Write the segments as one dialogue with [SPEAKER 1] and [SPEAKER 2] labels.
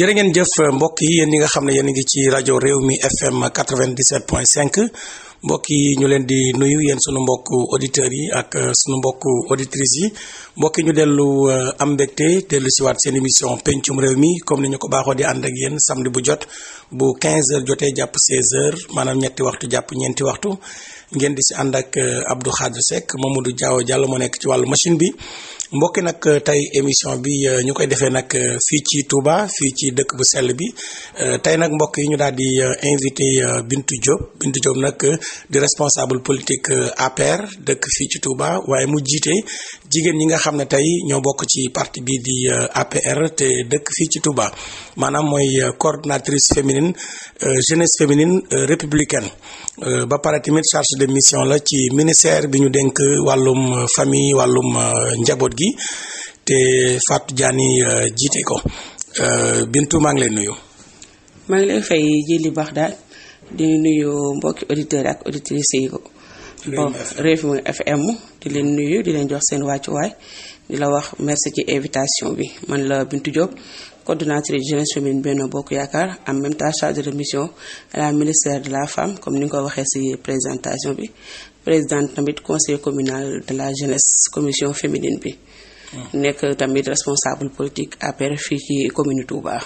[SPEAKER 1] jërë ngeen jëf mbokk yi yéen ñi nga xam ne yéen a ngi ci rajo réew mi FM 97.5 mbokk yi ñu leen di nuyu yéen sunu mbokk auditeurs yi ak euh, sunu mbokk auditrices yi mbokk yi ñu dellu euh, am mbégte dellu si waat seen émission pencum réew mi comme ni ñu ko baaxoo di ànd ak yéen samedi bu jot bu 15 heures jotee jàpp 16 heures maanaam ñetti waxtu jàpp ñeenti waxtu ngeen di si ànd ak euh, Abdou Khadre Seck du Diaw Diallo moo nekk ci wàllu machine bi. mbokki nag tey émission bi euh, ñu koy defee nag euh, fii ci Touba fii ci dëkk bu sell bi euh, tey nag mbokk yi ñu daal di invité bintu Diop Bintou Diop nag di responsable politique APR dëkk fii ci Touba waaye mu jiitee jigéen ñi nga xam ne tey ñoo bokk ci parti bii di euh, APR te dëkk fii ci Touba maanaam mooy euh, coordinatrice féminine euh, jeunesse féminine républicaine ba pare tamit charge de mission la ci ministère bi ñu dénk wàllum famille wàllum njaboot gi te Fatou Diané jiite ko Bintu maa ngi nuyu.
[SPEAKER 2] maa ngi lay fay Jëli Baxdaad di nuyu mbokki auditeurs ak auditrices yi ko. bon Rewmi FM di leen nuyu di leen jox seen wàccuwaay di la wax merci ci invitation bi man la Bintou Diop coordonnatrice jeunesse féminine Benno Bokk Yaakaar en même temps chargée de mission à la ministère de la femme comme ni nga ko waxee ci présentation bi présidente tamit conseil communal de la jeunesse commission féminine bi. Hmm. nekk tamit responsable politique APR fii ci commune Touba.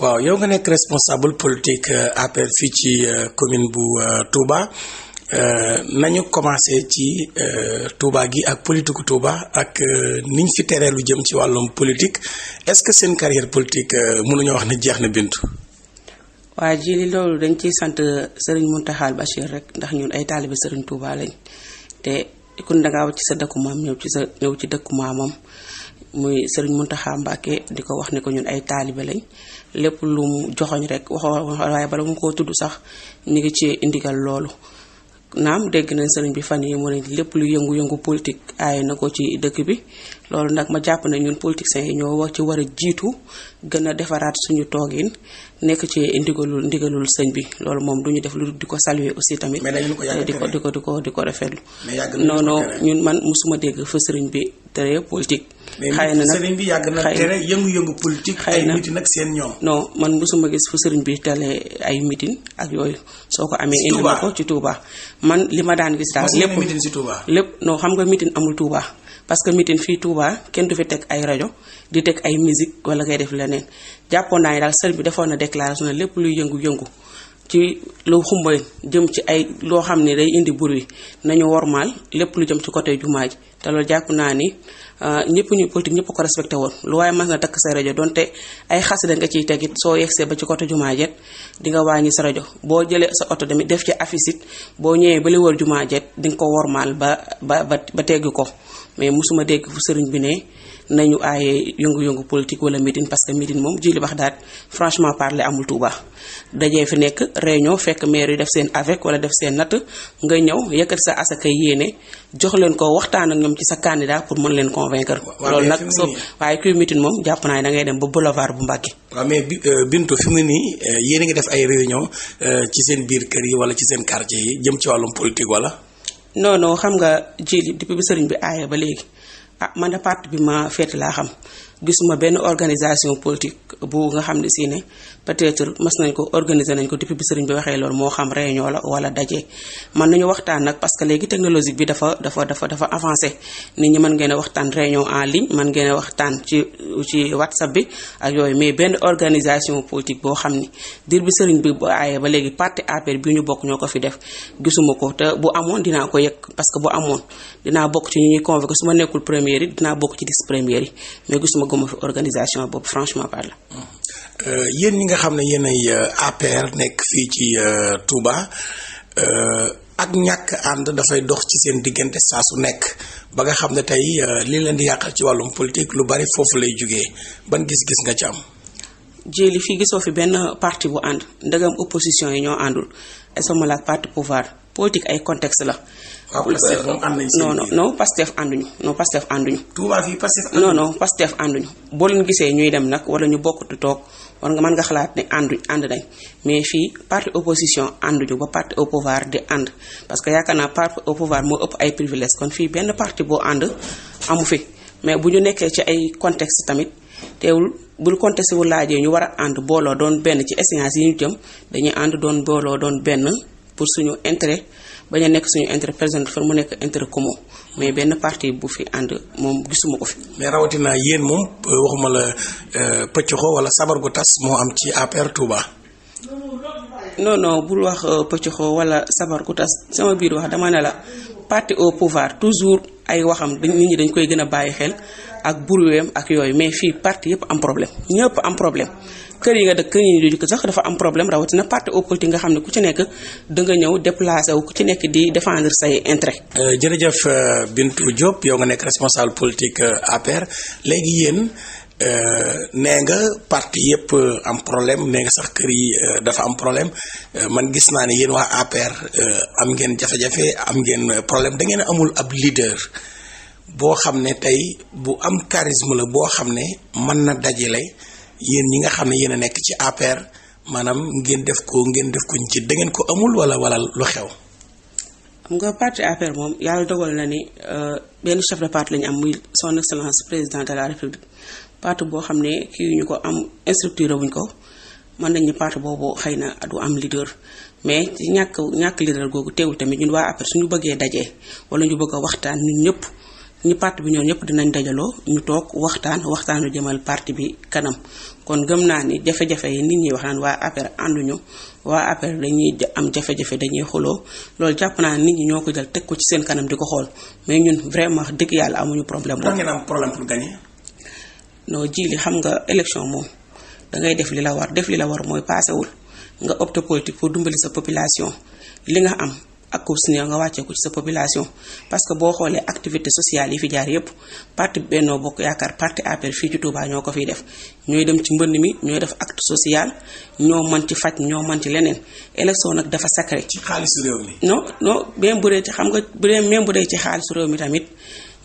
[SPEAKER 1] waaw yow nga nekk responsable fii ci euh, commune bu euh, Touba. Euh, nañu commencé ci euh, Touba gi ak politique gu Touba ak euh, niñ fi teree lu jëm ci wàllum politique est-ce que seen carrière politique mënuñoo wax ne jeex na Bintu.
[SPEAKER 2] waaw ji li loolu dañ ciy sant Serigne Mountakha bashir rek ndax ñun ay taalibe Serigne Touba lañ te kun dangaa ci sa dëkku maam ñëw ci sa ñëw ci dëkku maamam muy Serigne Mountakha Mbacké di ko wax ne ko ñun ay taalibe lañ lépp lu mu joxoñ rek waxoo waaye bala mu koo tudd sax ñu ngi ci indigal loolu. naam dégg nañ sëriñ bi fan yi mu ne lépp lu yëngu-yëngu politique aay na ko ci dëkk bi loolu nag ma jàpp ne ñun politiciens yi ñoo wax ci war a jiitu gën a defaraat suñu toogin nekk ci ndigalul ndigalul sëñ bi loolu moom duñu def lu di ko saluer aussi tamit di ko di ko di ko di ko rafetlu non ñun man musuma dégg fa sëriñ bi tere politique xëy na nag sëriñ bi yàgg na tere
[SPEAKER 1] yëngu-yëngu politique. xëy na ay seen ñoom.
[SPEAKER 2] non man mosuma gis fu sëriñ bi tale ay mitin ak yooyu. soo ko amee indi ma ko ci Touba. man li ma daan gis daal lépp mitin si lépp non xam nga mitin amul Touba parce que mitin fii Touba kenn du fi teg ay rajo di teg ay musique wala ngay def leneen jàppoon naa ne daal sëriñ bi defoon na déclaration ne lépp luy yëngu-yëngu. ci loo xumba jëm ci ay loo xam ne day indi bruit nañu wormaal lépp lu jëm ci côté jumaa ji te loolu jàpp naa ni Euh, ñëpp ñu politique ñëpp ko respecté woon lu waaye mën na takk sa rajo donte ay xasida nga ciy tegit soo yegsee ba ci côté jumaa jet di nga wàññi sa rajo boo jëlee sa oto tamit def ci afisit boo ñëwee ba li wër jumaa jet di nga ko wormaal ba ba ba teggi ko mais mosuma dégg fu sëriñ bi ne nañu aaye yëngu-yëngu politique wala mitin parce que meeting moom ji li wax daal franchement parler amul Touba dajee fi nekk réunion fekk maire yi def seen avec wala def seen natt nga ñëw yëkkati sa asaka yéene jox leen ko waxtaan ak ñoom ci sa candidat pour mën leen convaincre. loolu nag so waaye kuy meeting moom jàpp naa da ngay dem ba boulevard bu Mbàkke. waaw
[SPEAKER 1] mais euh, Bintu fi mu nii euh, yéen a ngi def ay réunion euh, ci seen biir kër yi wala ci seen quartier yi jëm ci wàllum politique wala.
[SPEAKER 2] non non xam nga ji li bi sëriñ ba léegi. ah man de parti bi ma féete laa xam gisuma benn organisation politique bu nga xam ne si ne peut-être mas nañ ko organiser nañ ko depuis bi sëriñ bi waxee loolu moo xam réunion la wala daje mën nañu waxtaan nag parce que léegi technologie bi dafa dafa dafa dafa avancé ni ñi mën ngeen a waxtaan réunion en ligne mën ngeen a waxtaan ci ci whatsapp bi ak yooyu mais benn organisation politique boo xam ni diir bi sëriñ bi bu aayee ba léegi parti APR bi ñu bokk ñoo ko fi def gisuma ko te bu amoon dinaa ko yëg parce que bu amoon dinaa bokk ci ñu ñuy su ma nekkul première dinaa bokk ci dix première bëgguma fi organisation boobu franchement parlant. Euh, yéen ñi nga xam ne yéen ay euh, APR nekk fii ci euh, Touba
[SPEAKER 1] ak ñàkk ànd dafay dox ci seen diggante saa su nekk ba nga xam ne tey li leen di yàqal ci wàllum politique lu bari foofu lay jógee ban gis-gis nga ci am.
[SPEAKER 2] jéeli fii gisoo fi benn parti bu ànd ndegam opposition yi ñoo àndul et sama la parti pouvoir. politique ay contexte la. waaw ah, Pastef moom ànd nañ non non non ñu ànduñu non Pastef ànduñu. Touba fii Pastef ànduñu non non Pastef ànduñu boo leen gisee ñuy dem nag wala ñu bokk toog war nga mën nga xalaat ne ànduñ ànd nañ mais fii parti opposition ànduñu ba parti au pouvoir di ànd parce que yaakaar naa parti au pouvoir moo ëpp ay privilèges kon fii benn parti boo ànd amu fi mais bu ñu nekkee ci ay contexte tamit teewul. bul contesté wu laajee ñu war a ànd booloo doon benn ci essiance yi ñu jëm dañuy ànd doon booloo doon benn pour suñu intérêt bañ a nekk suñu intérêt personnel dafa mu nekk intérêt commun mais benn partie bu fi ànd
[SPEAKER 1] moom gisuma ko fi. mais rawatina yéen moom euh, waxuma la euh, pëccoxo wala sabar gu tas moo am ci APR Touba.
[SPEAKER 2] non non bul wax euh, pëccoxo wala sabar gu tas sama biir wax dama ne la parti au pouvoir toujours ay waxam dañ nit ñi dañ koy gën a bàyyi xel ak buruweem ak yooyu mais fii parti yëpp am problème ñëpp am problème kër yi nga dëkk kër yi ñu sax dafa am problème rawatina parti au politique nga xam ne ku ci nekk da nga ñëw déplacé wu ku ci nekk di défendre say intérêt.
[SPEAKER 1] Euh, jërëjëf euh, Bintou Diop yow nga nekk responsable politique euh, APR léegi yéen. Euh, nee nga parti yëpp euh, am problème nee sax kër yi euh, dafa am problème man gis naa ne yéen waa APR am ngeen jafe-jafe am ngeen problème da ngeen amul ab leader boo xam ne tey bu am charisme la boo xam ne mën na dajale yéen ñi nga xam ne yéen a nekk ci APR maanaam ngeen def ko ngeen def ko njiit da ngeen ko amul wala wala lu xew.
[SPEAKER 2] nga parti APR moom yàlla dogal na ni benn chef de parti lañu am muy son excellence président de la république. partie boo xam ne kii ñu ko am instructeur wuñ ko mën nañu partie boobu xëy na du am leader mais ci ñàkk ñàkk leader googu teewu tamit ñun waa APR suñu bëggee dajee wala ñu bëgg waxtaan ñun ñëpp ñu parti bi ñoom ñëpp dinañ dajaloo ñu toog waxtaan waxtaanu jëmal parti bi kanam kon gëm naa ni jafe yi nit ñi wax naan waa APR ànduñu waa APR dañuy am jafe-jafe dañuy xuloo loolu jàpp naa nit ñi ñoo ko jël teg ko ci seen kanam di ko xool mais ñun vraiment dëgg yàlla amuñu problème. lan ngeen
[SPEAKER 1] am problème pour gagner.
[SPEAKER 2] noo ji li xam nga élection moom dangay def li la war def li la war mooy paasewul nga opté politique pour dumbali sa population li nga am ak ko si nga wàccee ko ci sa population parce que boo xoolee activité sociale yi fi jaar yépp parti benn Bokk Yaakaar parti APR fii ci Touba ñoo ko fiy def ñooy dem ci mbënd mi ñooy def acte social ñoo mën ci faj ñoo mën ci leneen élection nag dafa sacré. ci xaalisu réew mi. non non bu dee ci xam nga bu dee même bu dee ci xaalisu réew mi tamit.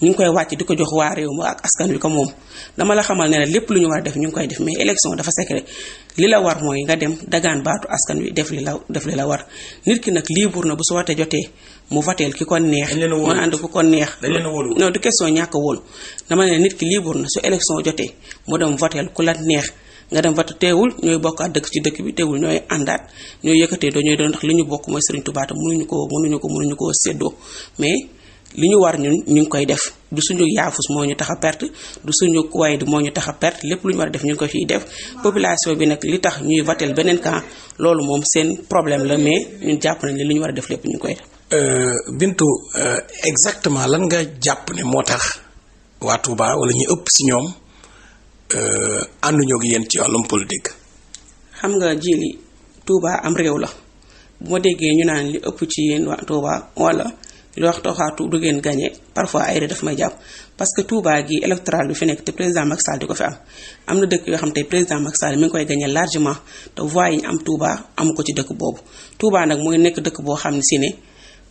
[SPEAKER 2] ñu ngi koy wàcc di ko jox waa réew ma ak askan wi ko moom dama la xamal ne lépp lu ñu war a def ñu ngi koy def mais élection dafa secret li la war mooy nga dem dagaan baatu askan wi def li la def li la war nit ki nag libre na bu su wootee jotee mu voteel ki ko neex mu ànd ku ko neex non du question ñàkk wóolu dama nit ki libre na su élection jotee mu dem voteel ku la neex nga dem vote teewul ñooy bokkaat dëkk ci dëkk bi teewul ñooy àndaat ñooy yëkkatee doo ñooy doon ndax li ñu bokk mooy Serigne Touba te mënuñu ko mënuñu ko mënuñu koo séddoo mais li ñu war ñun ñu ngi koy def du suñu yaafus moo ñu tax a perte du suñu kuwaay di moo ñu tax a perte lépp lu ñu war a def ñu ngi ko fiy def population bi nag li tax ñuy votel beneen camp loolu moom seen problème la mais ñun jàpp nañ ne li ñu war a def lépp ñu ngi koy def. Euh, Bintu euh, exactement lan nga jàpp ne moo tax
[SPEAKER 1] waa tuuba wala ñu ëpp si ñoom euh, ànduñoo ak yéen ci wàllum politique.
[SPEAKER 2] xam nga ji li Touba am réew la bu ma déggee ñu naan li ëpp ci yéen waa Touba wala. wax toxaatu du ngeen gagné parfois ay dafa may jàpp parce que Touba gi électoral bi fi nekk te président Macky di ko fi am am na dëkk yoo xam te président Macky Sall ngi koy gagné largement te voix yi am Touba amu ko ci dëkk boobu Touba nag mooy nekk dëkk boo xam ne si ne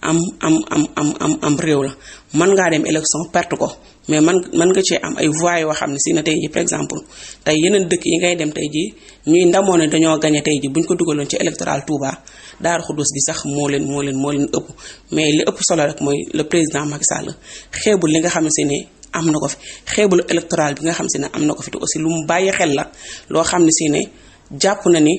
[SPEAKER 2] am am am am am réew la mën ngaa dem élection perte ko mais man mën nga cee am ay voix yoo xam ne si ne tey ji par exemple tey yeneen dëkk yi ngay dem tey ji ñuy ndamoo ne dañoo gagné tey ji buñ ko dugaloon ci électoral Touba Daaru Xudus bi sax moo leen moo leen moo leen ëpp mais li ëpp solo rek mooy le président Macky Sall xeebul li nga xam ne am na ko fi xeebul électoral bi nga xam si ne am na ko fi te aussi lu mu bàyyi xel la loo xam ne si jàpp na ni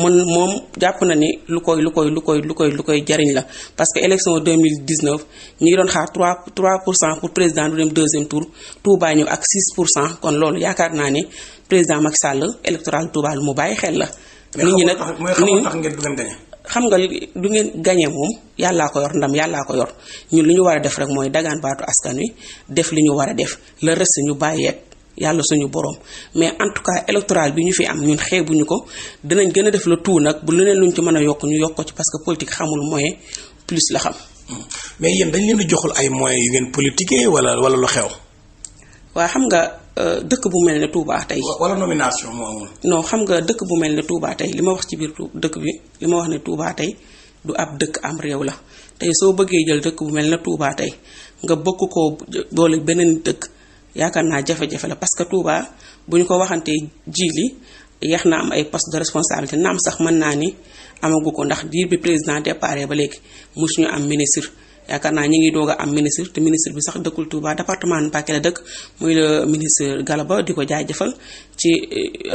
[SPEAKER 2] mën moom jàpp na ni lu koy lu koy lu koy lu koy lu koy jariñ la parce que élection 2019 ñu ngi doon xaar 3 3 pour cent pour président du dem deuxième tour Touba ñëw ak 6 pour cent kon loolu yaakaar naa ne président Macky Sall électoral Touba mu bàyyi xel la. nit ñi nag nit xam nga du ngeen gañe moom yàllaa ko yor ndam yàllaa ko yor ñun li ñu war a def rek mooy dagaan baatu askan wi def li ñu war a def le reste ñu bàyyeeg yàlla suñu borom mais en tout cas électoral bi ñu fi am ñun ñu ko dinañ gën a def le tout nag bu leneen lu ñu ci mën a yokk ñu yokk ko ci parce que politique xamul moyen plus la xam.
[SPEAKER 1] mais yéen dañ leen di joxul ay moyens yu ngeen politiquer wala wala lu xew.
[SPEAKER 2] waa xam nga. Euh, dëkk bu mel ne Touba tey. wala nomination moo amul. non xam nga dëkk bu mel ne tuubaa tey li ma wax ci biir dëkk bi li ma wax ne Touba tey du ab dëkk am réew la tey soo bëggee jël dëkk bu mel ne Touba tey nga bëgg koo boole beneen dëkk yaakaar naa jafe-jafe la parce que Touba bu ñu ko waxantee ji li yax na am ay poste de responsabilité naam sax mën naa ni amagu ko ndax diir bi président déparé ba léegi mosuñu am ministre. yaakaar naa ñi ngi doog a am ministre te ministre bi sax dëkkul Touba département Mbacké la dëkk muy le ministre Galaba di ko jëfal ci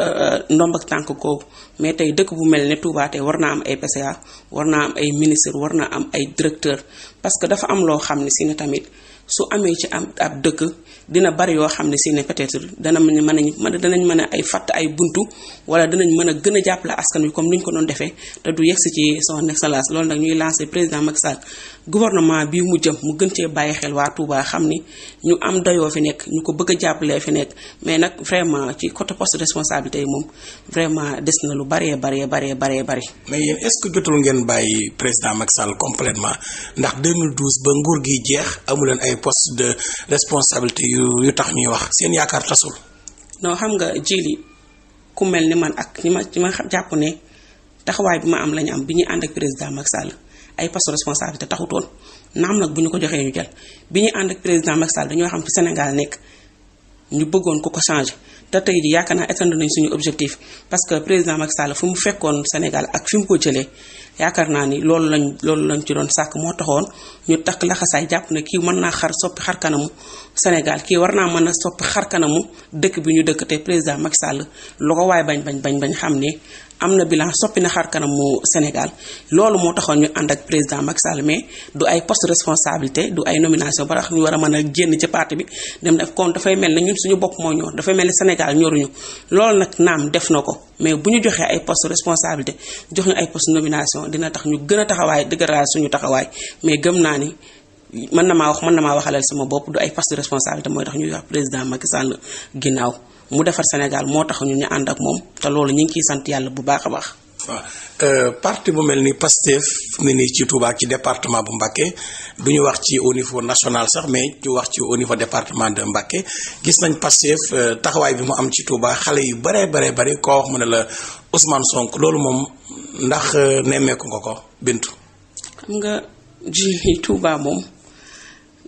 [SPEAKER 2] euh, ndomb ak tànk koobu mais tey dëkk bu mel ne Touba te war naa am ay PCA war naa am ay ministre war naa am ay directeur parce que dafa am loo xam ne si ne tamit su amee ci am ab dëkk dina bari yoo xam ne si ne peut-être dana mën a danañ mën a ay fatt ay buntu wala danañ mën a gën a jàppale askan wi comme ni ñu ko doon defee te du yegsi ci son excellence loolu nag ñuy lancé président Macky Sall bii mu jëm mu gën cee bàyyi xel waa Touba xam ni ñu am dayoo fi nekk ñu ko bëgg a jàppalee fi nekk mais nag vraiment ci côté poste responsabilité yi moom vraiment des na lu baree baree baree baree bari.
[SPEAKER 1] mais yéen est que jotul ngeen bàyyi président Macky Sall complètement ndax 2012 ba nguur gi jeex amu leen ay poste de responsabilité yu yu tax ñuy wax seen yaakaar tasul.
[SPEAKER 2] noo xam nga jili ku mel ni man ak ñi ma ñi ma jàpp ne taxawaay bi ma am lañu am bi ñu ànd ak président Macky Sall ay poste responsabilité taxutoon naam nag bu ñu ko joxee ñu jël bi ñuy ànd ak président Macky Sall dañoo xam fi Sénégal nekk ñu bëggoon ko ko changer te tey jii yaakaar naa étendre nañ suñu objectif parce que président Macky Sall fu mu fekkoon Sénégal ak fi mu ko jëlee. yaakaar naa ni loolu lañ loolu lañu ci doon sàkk moo taxoon ñu takk laxasaay jàpp na kii mën naa xar soppi xar kanamu Sénégal kii war naa mën a soppi xar kanamu dëkk bi ñu dëkk te président Macky Sall lu waaye bañ bañ bañ bañ xam ne am na bilan soppi na xar kanamu Sénégal loolu moo taxoon ñu ànd ak président Macky Sall mais du ay post responsabilité du ay nomination ba tax ñu war a mën a génn ci parti bi dem def koon dafay mel ne ñun suñu bopp moo ñor dafay mel ne Sénégal ñoruñu loolu nag naam def na ko. mais bu ñu joxee ay poste responsabilité jox ñu ay poste nomination dina tax ñu gën a taxawaay dëgëral suñu taxawaay mais gëm naa ni mën na maa wax mën na maa waxalal sama bopp du ay poste responsabilité mooy tax ñu wax président Macky Sall ginnaaw mu defar Sénégal moo tax ñu ñu ànd ak moom te loolu ñu ngi ciy sant yàlla bu baax a baax
[SPEAKER 1] waaw euh, parti bu mel ni Pastef ne nii ci Touba ci département bu Mbacké du ñu wax ci au niveau national sax mais ñu wax ci au niveau département de Mbacké gis nañ Pastef euh, taxawaay bi mu am ci Touba xale yu bare bare bare koo wax mu ne la Ousmane sonk loolu moom ndax euh, nemmeeku nga ko Bintu.
[SPEAKER 2] xam nga ji Touba moom.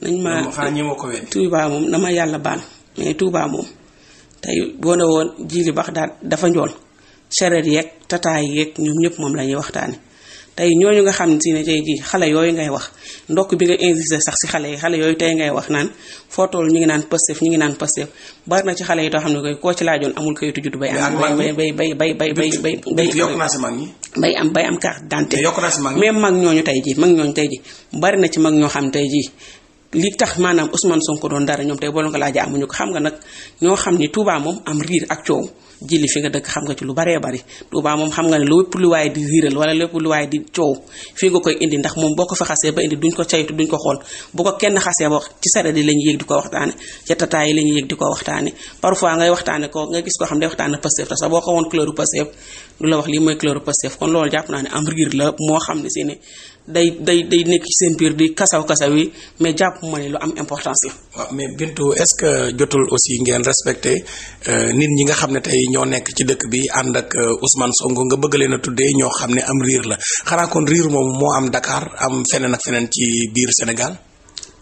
[SPEAKER 2] nañ ma Touba moom na yàlla baal Touba moom tey boo woon jii jiili bax daal dafa njool. charette yeeg tataay yeeg ñoom ñëpp moom la ñuy waxtaane tey ñooñu nga xam si ne tey jii xale yooyu ngay wax ndokk bi nga insisté sax si xale yi xale yooyu tey ngay wax naan foo toll ñu ngi naan Pastef ñu ngi naan Pastef bari na ci xale yi too xam ne koy koo ci laajoon amul kayitu juddu bay am bay bay bay bay bay bay bay bay am bay am carte mag ñooñu tey jii mag ñooñu tey jii bari na ci mag ñoo xam tey jii li tax maanaam Ousmane Sonko doon dara ñoom tey boole nga laajee amuñu ko xam nga nag ñoo xam nga dëkk lu baree bari Touba moom xam nga ne lépp lu waaye di riiral wala moom boo ko fa xasee ba indi ko xool ko kenn xasee ba ci saret yi la ñuy yëg di ko waxtaane ci jàpp naa ne am riir la moo xam ne si ne day day day nekk ci seen biir di kasaw kasaw mais jàpp ma ne lu am importance la.
[SPEAKER 1] waaw mais Bintou est-ce que jotul aussi ngeen respecté euh, nit ñi nga xam ne tey ñoo nekk ci dëkk bi ànd ak euh, Ousmane Sonko nga bëgg leen a tuddee ñoo xam ne am riir la xanaa kon riir moom moo am dakaar am feneen ak feneen ci biir Sénégal.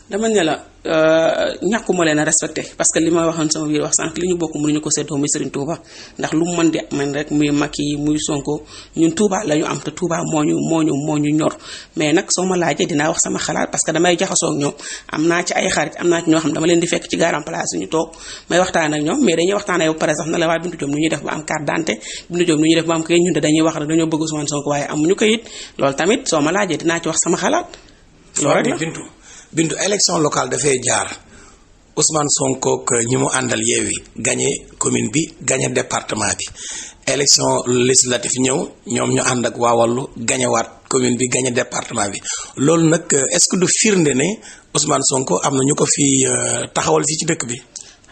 [SPEAKER 2] dama ne la Euh, ñàkkuma leen a respecté parce que li ma wax sama biir wax sànq li ñu bokk mënuñu ko seddoo muy Serigne Touba ndax lu mu mën di man rek muy Macky muy Sonko ñun Touba la am moo ñu moo ñu moo ñu ñor mais nag soo ma laajee dinaa wax sama xalaat parce que damay jaxasoo ak ñoom am naa ci ay xarit am naa ci ñoo xam dama leen di fekk ci garam place ñu toog may waxtaan ak ñoom mais dañuy waxtaan ak par exemple na la waa Bintou Diop nu ñuy def ba am carte d'identité Bintou Diop nu ñuy def ba am kayit ñun de dañuy wax loolu tamit soo ma laajee dinaa ci wax sama xalaat loolu rek la bindu élection locale dafay jaar Ousmane Sonko
[SPEAKER 1] ak ñi mu àndal yeewi gañe commune bi gagné département bi élection législative ñëw ñoom ñu ànd ak waa Wallu gañewaat commune bi gagné département bi loolu nag est-ce que du firnde ne Ousmane Sonko am na ñu ko fi euh, taxawal si ci dëkk bi.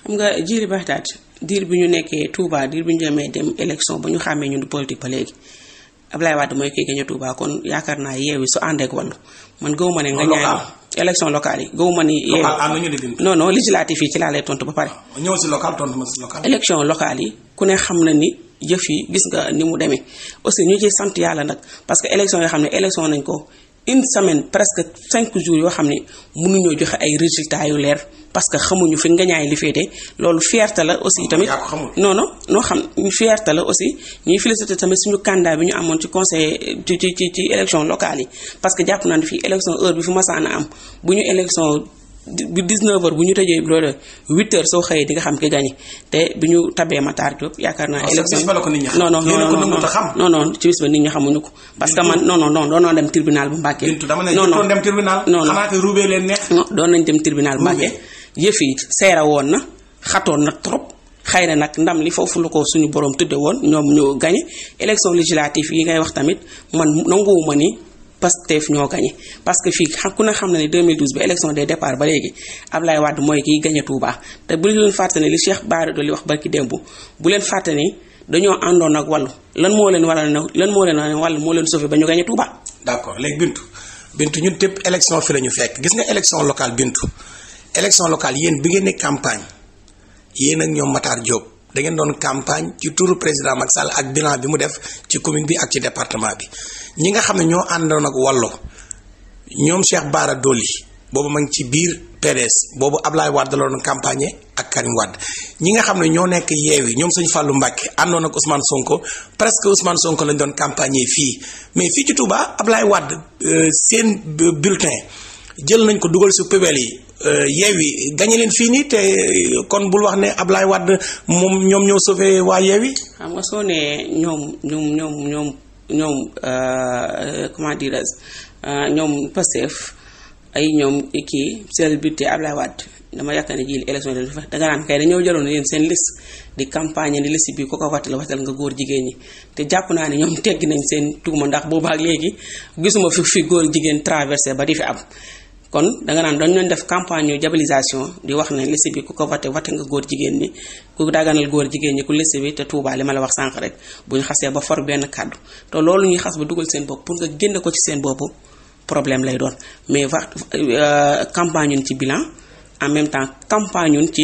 [SPEAKER 2] xam nga jiiri baax diir bi ñu nekkee Touba diir bi ñu demee dem élection ba ñu xàmmee ñun politique ba léegi. Ablaye Wade mooy kii gañe Touba kon yaakaar naa yeewi su àndeek wàllu man gëw ma ne nga ñaan élection locale yi gëw ma ni yeewi non non législatif yi ci laa lay tontu ba pare
[SPEAKER 1] ñëw si local tontu ma si
[SPEAKER 2] yi ku ne xam na ni jëf yi gis nga ni mu demee aussi ñu ci sant yàlla nag parce que élection yoo xam ne élection nañ ko une semaine presque cinq jours yoo xam ne mënuñoo joxe ay résultats yu leer parce que xamuñu fi ngañaay li féete loolu fierté la aussi tamit non non noo xam fierté la aussi ñuy félicité tamit suñu candidat bi ñu amoon ci conseil ci ci ci ci élection locale yi parce que jàpp naa ne fii élection heure bi fi masaana am bu ñu élection bu 19 heures bu ñu tëjee loolu 8 heures soo xëyee di nga xam ki gagné te bi ñu tabee Matar Diop yaakaar naa. Oh, élection non non non non ci bis ba nit ñi xamuñu ko. parce que man non non non doon naa dem tribunal bu Mbàkke. non non dem tribunal. non non xanaa ruubee leen neex. non doon nañ dem tribunal bu Mbàkke yëf yi seera woon na xatoon na trop. xëy na nag ndam li foofu la ko suñu borom tudde woon ñoom ñoo gagné élection législative yi ngay wax tamit man nanguwuma ni Pastef ñoo gañe parce que fii ku ne xam na ne 2012 ba élection des départs ba léegi Ablaye Wade mooy kiy gañe Touba te bu leen fàtte ne li Cheikh Bara Dolly wax barki démb bu leen fàtte dañoo àndoon ak wàllu lan moo leen wàll ne lan moo leen wàll moo leen sauvé ba ñu gañe Touba. d'accord léegi Bintu Bintu ñun
[SPEAKER 1] tépp élection fi la ñu fekk gis nga élection locale Bintu élection locale yéen bi ngeen ne campagne yéen ak ñoom Matar Diop. da ngeen doon campagne ci turu président Macky Sall ak bilan bi mu def ci commune bi ak ci département bi ñi nga xam ne ñoo àndoon ak walloo ñoom Cheikh baara Dolly boobu ma ngi ci biir PDS boobu Ablaye Wade la doon campagne ak Karim Wade ñi nga xam ne ñoo nekk yeewi ñoom sëñ Fallou Mbacke àndoon ak Ousmane Sonko presque Ousmane Sonko lañ doon campagne fii mais fii ci Touba Ablaye wàdd euh, seen bulletin jël nañ ko dugal su poubelle yi. Euh, yi gañe leen fii nii te kon bul wax ne Ablaye Wade moom ñoom ñoo sauvé waa Yewwi.
[SPEAKER 2] xam nga soo nee ñoom ñoom ñoom ñoom ñoom euh, comment dire euh, ñoom Pastef ay ñoom kii sel buté Ablaye Wade dama yaakaar ne ji élection de fa danga naan kay dañoo jëloon yéen seen liste di campagne di liste bi ko ko watal watal nga góor jigéen ñi te jàpp naa ne ñoom teggi nañ seen tuuma ndax ak léegi gisuma fi fi góor jigéen traversé ba di fi am kon danga naan dañ doon def campagne yu diabolisation di wax ne liste bi ku ko voté watee nga góor jigéen ñi ku daganal góor jigéen ñi ku liste bi te Touba li ma la wax sànq rek bu ñu xasee ba for benn kàddu te loolu ñuy xas ba dugal seen bopp pour nga ko ci seen bopp problème lay doon mais va euh, campagne ñun ci bilan en même temps campagne ñun ci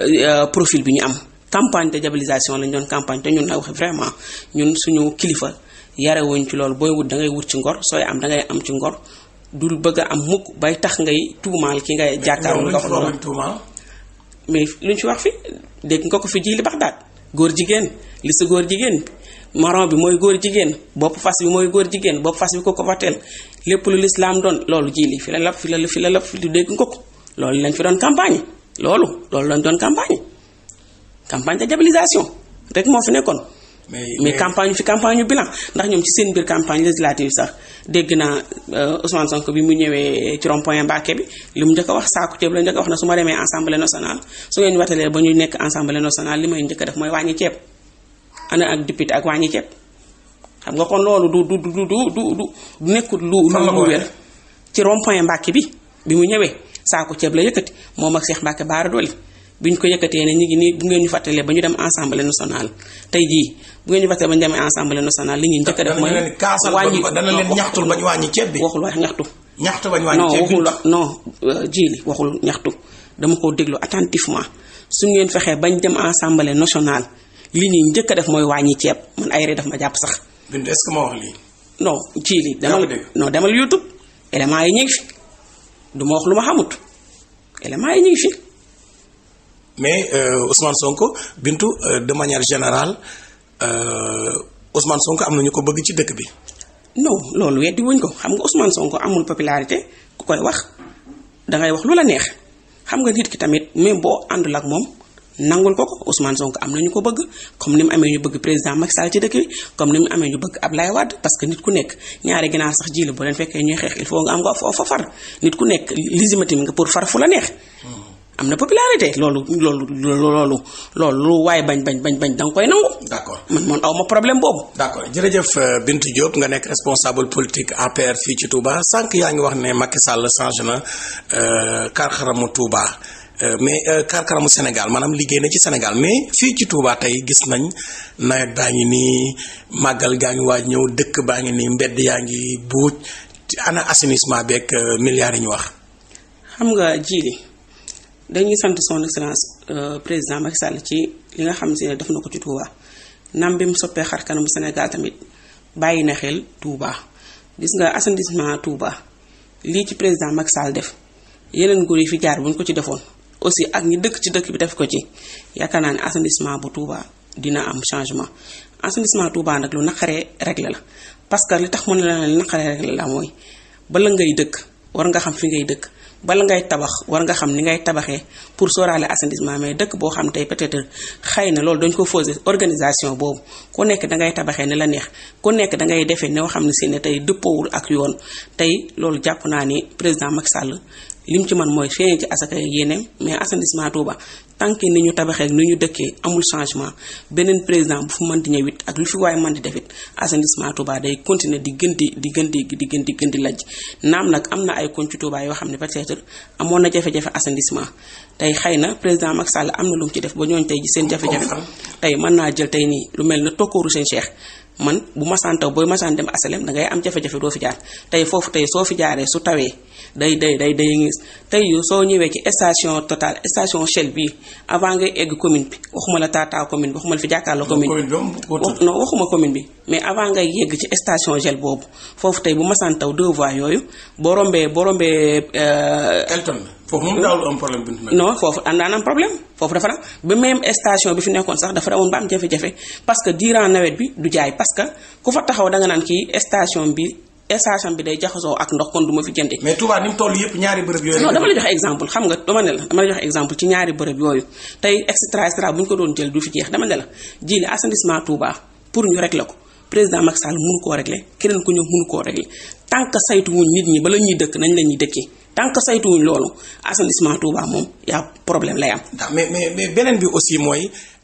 [SPEAKER 2] euh, euh, profil bi ñu am campagne de diabolisation lañ doon campagne te ñun la wax vraiment ñun suñu kilifa yarewuñ ci loolu booy wut dangay wut ci ngor sooy am da am ci ngor. dul bëgg am mukk bay tax ngay tuumaal ki ngay jàkkaarloo nga wax mais lu ñu fi wax fi dégg nga ko fi ji li góor jigéen li si góor jigéen maron bi mooy góor jigéen bopp fas bi mooy góor jigéen bopp fas ko ko wateel lépp lu lislaam doon loolu ji li fi la fi la fi la lap fi dégg ko loolu lañ fi doon campagne loolu loolu lañ doon campagne campagne de diabolisation rek moo fi nekkoon mais campagne fi campagne yu bilan ndax ñoom ci seen biir campagne législative sax dégg na euh, Ousmane Sonko bi mu ñëwee ci rond-point Mbacké bi li mu njëkk a wax saaku ceeb la njëkk wax na su ma demee assemblée nationale su ngeen watalee ba ñu nekk assemblée nationale li may njëkk a def mooy wàññi ceeb ana ak député ak wàññi nga kon loolu du du du du du du nekkut lu lu wér ci rond bi bi mu ñëwee saaku ceeb la yëkkati moom ak Cheikh Mbacké Bara Dolly bi ko yëkkatee ne ñu ngi nii bu ngeen ñu fàttalee ba ñu dem assemblée nationale tey jii bu ngeen ñu fàttalee ba ñu demee assemblée nationale li ñuy njëkk a ngeen fexee bañ dem assemblée nationale li ñuy njëkk def mooy wàññi ceeb man ay ree daf ma jàpp sax Bintu est-ce que ma wax lii non jiili demal non demal YouTube élément yi ñu fi du ma wax lu ma xamut élément yi fi
[SPEAKER 1] mais euh, Ousmane Sonko Bintu euh, de manière générale euh,
[SPEAKER 2] Ousmane Sonko am na ñu ko bëgg ci dëkk bi. non loolu weddi wuñ ko xam nga Ousmane Sonko amul popularité ku koy wax dangay wax lu la neex xam nga nit ki tamit même boo àndul ak moom. nangul ko ko Ousmane Sonko am na ñu ko bëgg comme ni mu amee ñu bëgg président Macky Sall ci dëkk bi comme ni mu amee ñu bëgg Ablaye Wade parce que nit ku nekk ñaari ginaar sax jiilu boo leen fekkee ñuy xeex il faut nga am nga foofa far nit ku nekk légitime nga pour far fu la neex. Hmm. am na popularité loolu loolu loolu loolu lu waaye bañ bañ bañ bañ da nga koy nangu. d'accord man man aw ma problème boobu.
[SPEAKER 1] d'accord jërëjëf euh, bint Diop nga nekk responsable politique APR fii ci Touba sànq yaa ngi wax ne Macky Sall changé na euh, karxaramu Touba. Euh, mais euh, karkaramu Sénégal maanaam liggéey na ci Sénégal mais fii ci Touba tey gis nañ nawet baa ngi nii màggal gaa ngi waa ñëw dëkk baa ngi nii mbedd yaa ngi buuj ana assainissement beeg euh, yi ñu wax.
[SPEAKER 2] xam nga jiili dañuy sant son excellence euh, président Macky Sall ci li nga xam si ne def na ko ci Touba nam bi mu soppee xar kanamu Sénégal tamit bàyyi na xel Touba gis nga assainissement Touba lii ci président Macky Sall def yeneen nguur yi fi jaar buñ ko ci defoon aussi ak ñi dëkk ci dëkk bi def ko ci yaakaar naa ne assainissement bu Touba dina am changement assainissement Touba nag lu naqaree régler la parce que li tax mën na la naqaree régler la mooy bala ngay dëkk war nga xam fi ngay dëkk bala ngay tabax war nga xam ni ngay tabaxee pour sóoraale assainissement mais dëkk boo xam tey peut-être xëy na loolu dañ ko fausé organisation boobu ku nekk dangay tabaxee ni la neex ku nekk dangay defee noo xam ne si ne tey dëppoowul ak yoon tey loolu jàpp naa ni président mac Sall lim ci man mooy feeñee ci asaka ak yeneen mais assainissement Touba tant que ni ñu tabaxee ak ni ñu dëkkee amul changement beneen président bu fu mën di ñëwit ak lu fi waaye man di defit assainissement Touba day continuer di gën di di gën di di gën di gën di lajj naam nag am na ay koñ ci yoo xam ne peut-être amoon na jafe-jafe assainissement tey xëy na président Macky Sall am na lu mu ci def ba ñooñ tey ji seen jafe-jafe tey mën naa jël tey nii lu mel na tokkooru seen cheikh man bu masaan taw booy masaan dem asalem da am jafe-jafe doo fi jaar tey foofu tey soo fi jaaree su tawee day day day day tey soo ñëwee ci station Total station Shell bi avant ngay egg commune bi waxuma la Tata commune bi waxuma la fi jàkkaarloo commune bi non waxuma commune bi mais avant ngay yegg ci station Shell boobu foofu tey bu masaan taw deux voies yooyu boo rombee boo rombee euh, Elton foofu moom daawul am problème bi non am problème station bi fi nekkoon sax dafa amoon ba am jafe parce que durant nawet bi du jaay parce que ku fa taxaw da nga naan kii station bi station bi day jaxasoo ak ndox kon du ma mais Touba ni yëpp ñaari bërëb yooyu. non dama la jox exemple xam nga dama ne la dama la jox exemple ci ñu ko doon jël du fi jeex dama ne la ji li assainissement Touba pour ñu régler ko président Macky Sall mënu koo régler keneen ku ñëw mënu koo régler tant que saytu wuñ nit ñi bala ñuy dëkk nañ la ñuy dëkkee tant que saytuwuñ loolu assainissement Touba moom yaa problème lay am.
[SPEAKER 1] mais mais mais beneen bi aussi mooy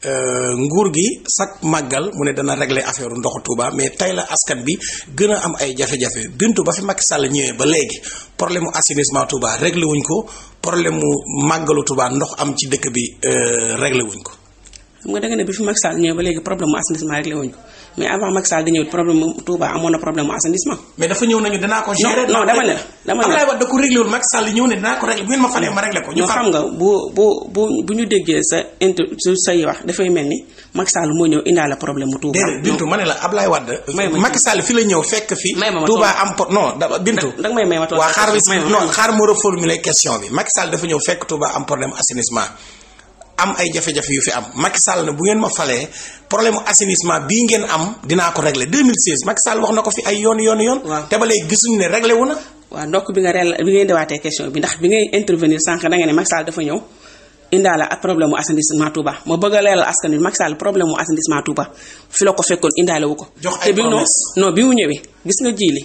[SPEAKER 1] euh, nguur gi chaque màggal mu ne dana régler affaire ndoxu Touba mais tey la askan bi gën a am ay jafe-jafe bintu ba fi Macky Sall ñëwee ba léegi problème mu assainissement Touba réglé wuñ ko problème mu màggalu Touba ndox am ci dëkk bi
[SPEAKER 2] euh, réglé wuñ ko. xam nga danga ne bi fi Macky Sall ñëwee ba léegi problème mu assainissement réglé wuñu ko mais avant Macky Sall di ñëw problème mu na problème mu assainissement.
[SPEAKER 1] bu ngeen ma falee ma
[SPEAKER 2] réglé sa inter dafay mel ni Macky Sall moo ñëw indaale problème mu Touba. déedéet Bintu
[SPEAKER 1] fekk fi. may ma ma Touba am po non Bintu. da nga may may ma tontu waaw xaar non xaar ma reformuler question bi Macky Sall dafa problème assainissement am ay jafe-jafe yu fi am Macky Sall na bu ngeen ma falee problème assainissement bii ngeen am dinaa ko régler 2016
[SPEAKER 2] Macky Sall wax na ko fi ay yoon yoon yoon. waaw te ba léegi gisuñu ne réglé na. waaw ndokk bi nga rel bi ngay dewaatee question bi ndax bi ngay intervenir sànq da nga ne Macky Sall dafa ñëw indaala ak problème mu assainissement Touba ma bëgg a leeral askan wi Macky Sall problème mu assainissement Touba fi la ko fekkoon indaale wu ko. jox ay promesse te bi non bi mu ñëwee gis nga ji li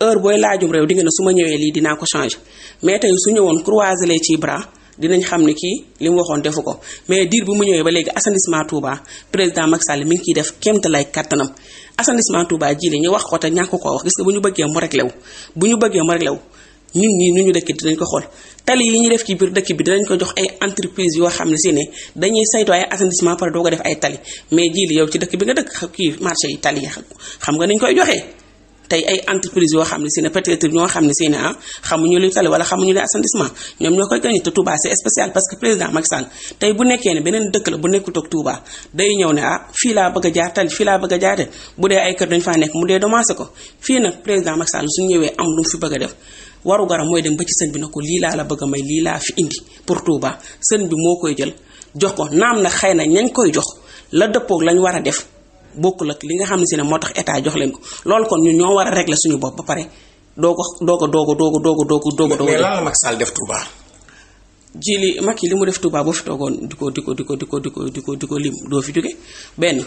[SPEAKER 2] heure booy laajum réew di nga ne su ma ñëwee lii dinaa ko changer mais tey ñëwoon croiser les ci dinañ xam ne kii li mu waxoon defu ko mais diir bu mu ñëwee ba léegi assainissement Touba président Macky Sall mi ngi ciy def kéem lay kàttanam assainissement Touba jii li ñu wax ko te ko koo wax gis nga bu ñu bëggee mu réglé bu ñu bëggee mu réglé wu ñun nu ñu dëkk dinañ ko xool tali yi ñu def ci biir dëkk bi dinañ ko jox ay entreprise yoo xam ne si ne dañuy saytoo ay assainissement pare doo ko def ay tali mais ji li yow ci dëkk bi nga dëkk kii marché yi tali yi xam nga niñ koy joxee tey ay entreprise yoo xam ne si ne être ñoo xam ne si ne ah xamuñu li tali wala xamuñu li assainissement ñoom ñoo koy gagné te Touba c'est spécial parce que tey bu nekkee ne beneen dëkk la bu nekkul ak Touba day ñëw ne ah fii laa bëgg a jaar laa bëgg a jaaree bu dee ay kër dañu faa nekk mu dee commencé ko fii nag président Macky Sall su ñëwee am lu mu bëgg def waru garam mooy dem ba ci sëñ bi na ko lii laa la bëgg may lii laa fi indi pour Touba sëñ bi moo koy jël jox ko naam na xëy na ñañ koy jox la dëppook lañ war a def bokkul ak li nga xam ne si ne moo tax état jox leen ko lool kon ñu ñoo war a régler suñu bopp ba pare doo ko doo ko doo ko doo ko doo ko doo ko mais lan la Macky Sall def Touba. ji li Macky li mu def Touba boo fi toogoon di ko di ko di ko di ko di ko di ko di ko lim doo fi jógee benn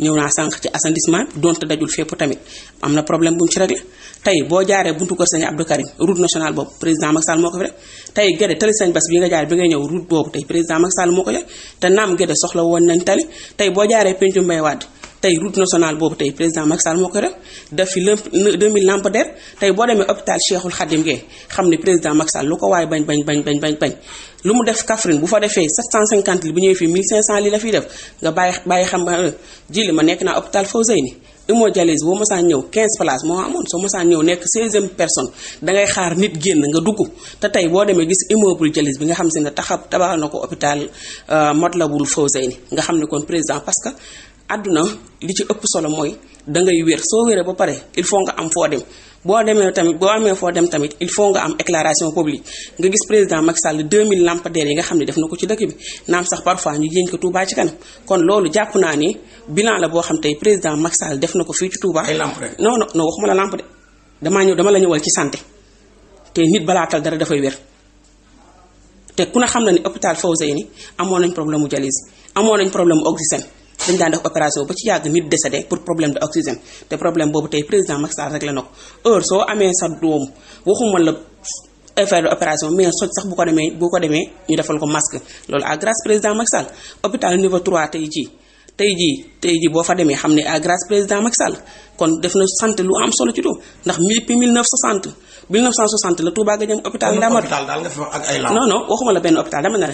[SPEAKER 2] ñëw naa sànq ci assainissement bi donte dajul fépp tamit am na problème bu mu ci réglé tey boo jaaree buntu kër sëñ Abdou Karim route nationale boobu président Macky Sall moo ko fi def tey Gédé tali sëñ Bass bi nga jaar bi ngay ñëw route boobu tey président Macky Sall moo ko def te naam Gédé soxla woon nañ tali tey boo jaaree Pencum Mbaye Wade tey route nationale boobu tey président Macky Sall moo ko def def fi lëmp 2000 boo demee hôpital Cheikhul Khadim Gueye xam ne président Macky Sall lu ko waaye bañ bañ bañ bañ bañ lu mu def Kaffrine bu fa defee 750 li bu ñëwee fii 1500 li la fiy def nga bàyyi bàyyi xam nga euh, jili ma nekk naa hôpital Fawzeyni hémodialyse boo mosaan ñëw quinze places moo amoon soo mosaan ñëw nekk 16e personne dangay xaar nit génn nga dugg te tey boo demee gis immeuble bi nga xam si ne taxab tabaxal na ko hôpital euh, Matlaboul Fawzeyni nga xam ne kon président parce que àdduna li ci ëpp solo mooy da ngay wér soo wéree ba pare il faut nga am foo dem boo demee tamit boo amee foo dem tamit il faut nga am éclairage public nga gis président Macky Sall 2000 lampadaires yi nga xam ne def na ko ci dëkk bi naam sax parfois ñu jéem ko Touba ci kanam kon loolu jàpp naa ni bilan la boo xam tey président Macky def na ko fii ci Touba. ay lamp rek non non non waxuma la lamp de damaa ñëw dama la ñëwal ci santé te nit balaatal dara dafay wér. te ku ne xam na ni hôpital Fawzeyni amoon nañ problème mu dialyse amoon nañ problème mu dañ daan def opération ba ci yàgg nit décédé pour problème de oxygène te problème boobu tey président Macky Sall réglé na ko heure soo amee sa doom waxuma la affaire opération mais soj sax bu ko demee bu ko demee ñu defal ko masque loolu à grâce président Macky Sall hôpital niveau 3 tey jii tey jii tey jii boo fa demee xam ne à grâce président Macky Sall kon def na sant lu am solo ci do ndax depuis 1960 1960 la Touba Gadiam hôpital Ndamatu daal nga fi wax ak ay non non waxuma la benn hôpital dama ne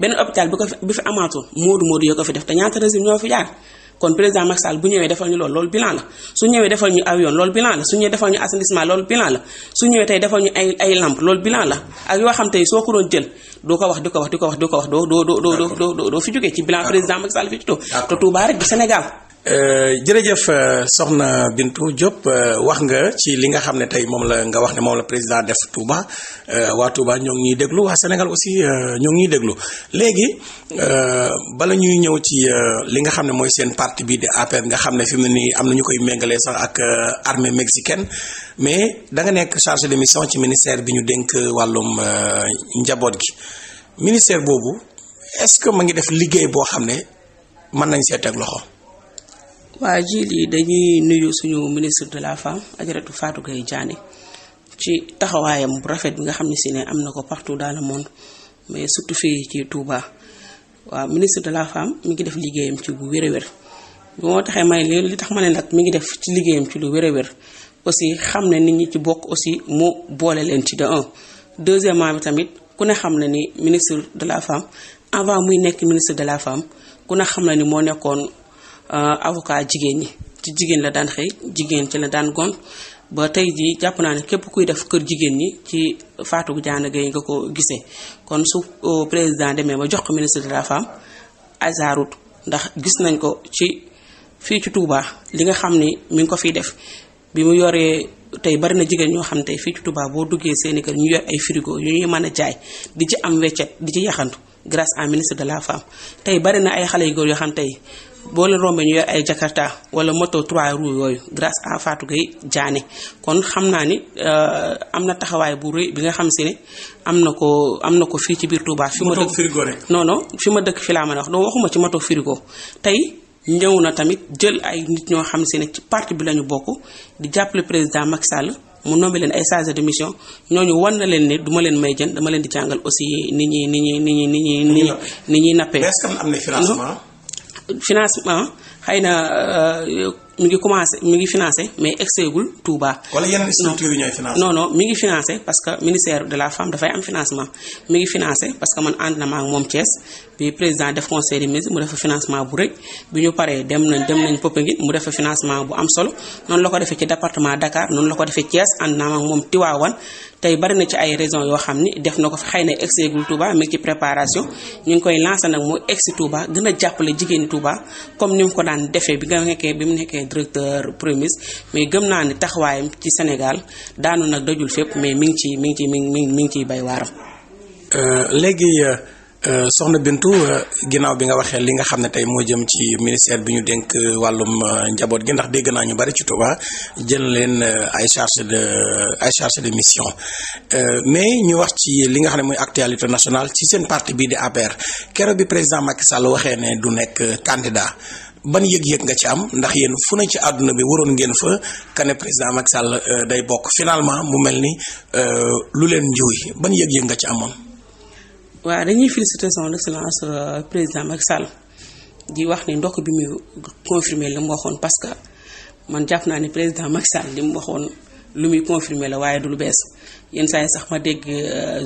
[SPEAKER 2] benn hôpital bi ko fi bi fi amaatoon Modou Modou yoo ko fi def te ñaata régime ñoo fi jaar kon président Macky Sall bu ñëwee defal ñu loolu loolu bilan la su ñëwee defal ñu avion loolu bilan la su ñëwee defal ñu assainissement loolu bilan la su ñëwee tey defal ñu ay ay lampe loolu bilan la ak yoo xam tey soo ko doon jël doo ko wax di ko wax di ko wax di ko wax doo doo doo doo doo doo fi jógee ci bilan président Macky fi ci to
[SPEAKER 1] te rek du Sénégal Euh, jërëjëf euh, soxna Bintu Diop euh, wax nga ci li nga xam ne tey moom la nga wax ne moom la président def Touba waa Touba ñoo ngi ñuy déglu waa Sénégal aussi ñoo ngi déglu léegi bala ñuy ñëw ci li nga xam ne mooy seen parti bi di APR nga xam ne fi mu ne nii am na ñu koy méngalee sax ak armée mexicaine mais da nga nekk chargé de mission ci ministère bi ñu dénk wàllum njaboot gi ministère boobu est-ce que mu ngi def liggéey boo xam ne mën nañ see loxo.
[SPEAKER 2] waa ji lii dañuy nuyu suñu ministre de la femme Adjaratou faatu Gaye Diané ci taxawaayam bu rafet bi nga xam ne si ne am na ko partout dans le monde mais surtout fii ci Touba waaw ministre de la femme mi ngi def liggéeyam ci bu wér a wér taxee may li tax ma ne nag mi ngi def ci liggéeyam ci lu wér a wér aussi xam ne nit ñi ci bokk aussi mu boole leen ci de un deuxièmement bi tamit ku ne xam ne ni ministre de la femme avant muy nekk ministre de la femme ku ne xam ne ni moo nekkoon Euh, avocat jigéen ñi ci jigéen la daan xëy jigéen ci la daan gont ba tey jii jàpp naa ne képp kuy def kër jigéen ñi ci Fatou Diagne Gueye nga ko gisee kon su euh, président demee ba jox ko ministre de la femme azarut ndax gis nañ ko ci fii ci Touba li nga xam ni mi ngi ko fiy def bi mu yoree tey bari na jigéen ñoo xam tey fii ci Touba boo duggee seeni kër ñu yor ay frigo yu ñuy mën a jaay di ci am weccet di ci yaxantu grace à ministre de la femme tey bari yu góor yoo xam tey boo leen rombee ñu yor ay jakarta wala moto trois roues yooyu grâce à Fatou Gueye Diané kon xam naa ni euh, am na taxawaay bu rëy bi nga xam si ne am na ko am na ko fii ci biir Touba. fi ma dëkk frigo rek fi ma dëkk fi laa mën wax doo waxuma ci moto frigo tey. ñëw na tamit jël ay nit ñoo xam si ne ci parti bi la ñu bokk di jàppale président Macky Sall mu nommé leen ay chargé de mission ñooñu wan na leen ne du leen may jën dama leen di jàngal aussi ni ñi ni ñuy ni ñuy ni ñuy ni ñuy nappee. est am na financement. financement xëy na euh, mi ngi commencé mi ngi financé mais exceegul Touba. wala de la femme dafay am financement mi ngi financé bu am solo noonu la ko defee ci département Dakar noonu la ko defee Thiès ànd na ma na ci ay yoo xam ni def na ko fi na exceegul Touba mi ngi ci préparation ñu ngi koy lancé nag mu egsi Touba gën a jàppale jigéeni Touba comme ni mu ko daan defee bi mu nekkee ancien directeur Promise mais gëm naa ne taxawaayam ci Sénégal daanu nag dajul fépp mais mi ngi ci mi ngi ci mi ngi mi ngi ciy bay waaram.
[SPEAKER 1] Euh, léegi euh, soxna Bintu euh, ginnaaw bi nga waxee li nga xam ne tey moo jëm ci ministère bi ñu dénk wàllum njaboot gi ndax dégg naa ñu bari ci Touba jël leen ay charge de ay charge de mission mais ñu wax ci li nga xam ne mooy actualité nationale ci seen parti bii di APR keroog bi président Macky waxee ne du nekk candidat ban yëg-yëg nga ci am ndax yéen fu ne ci àdduna bi waroon ngeen fa kane président Macky Sall euh, day bokk finalement mu mel ni euh, lu leen njuuy ban yëg-yëg nga ci amoon.
[SPEAKER 2] waaw dañuy féliciter son excellence euh, président Macky Sall di wax ni ndokk bi muy confirmer li mu waxoon parce que man jàpp naa ni président Macky li mu waxoon lu muy confirmer la waaye du lu bees yenn saa yi sax ma dégg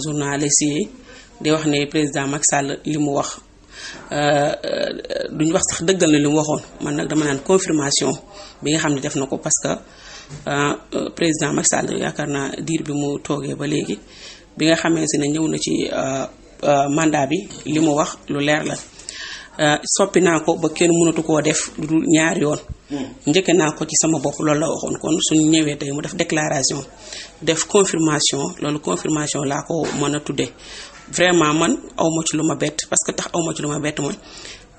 [SPEAKER 2] journaliste yi di wax ne président Macky Sall li mu wax. Euh, euh, duñ wax sax dëggal na li mu waxoon man nag dama naan confirmation bi nga xam ne def na ko parce que euh, président mac Sall yaakaar naa diir bi mu toogee ba léegi bi nga xamee si ne ñëw na ci mandat bi li mu wax lu leer la soppi naa ko ba kenn mënatu koo def lu dul ñaari yoon. Hmm. njëkke naa ko ci sama bopp loolu la waxoon kon suñu ñëwee tey mu def déclaration def confirmation loolu confirmation laa ko mën a tuddee. vraiment man aw ma ci lu ma bett parce que tax aw ma ci lu ma bett mooy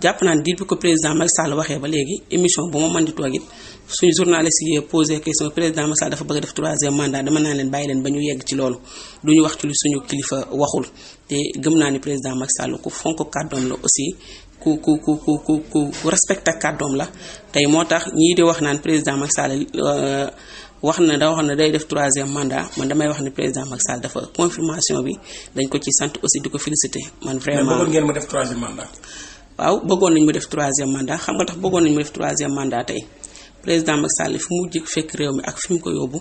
[SPEAKER 2] jàpp naan ne diir bi ko président Macky Sall waxee ba léegi émission bu ma mën di toog it suñu journaliste yi posé question président Macky Sall dafa bëgg def troisième mandat dama naa leen bàyyi leen ba ñu yegg ci loolu du ñu wax ci lu suñu kilifa waxul te gëm naa ni président Macky Sall ku fonk kàddoom la aussi ku ku ku ku ku ku respecté kàddoom la tey moo tax ñii di wax naan président Macky euh, wax na da wax na day def troisième mandat man damay wax ni président Macky Sall dafa confirmation bi dañ ko ci sant aussi di ko féliciter man vraiment ngeen mu def troisième mandat. waaw bëggoon nañ mu def troisième mandat xam nga tax bëggoon nañ mu def troisième mandat tey président Macky Sall fi mu jëkk fekk réew mi ak fi ñu ko yóbbu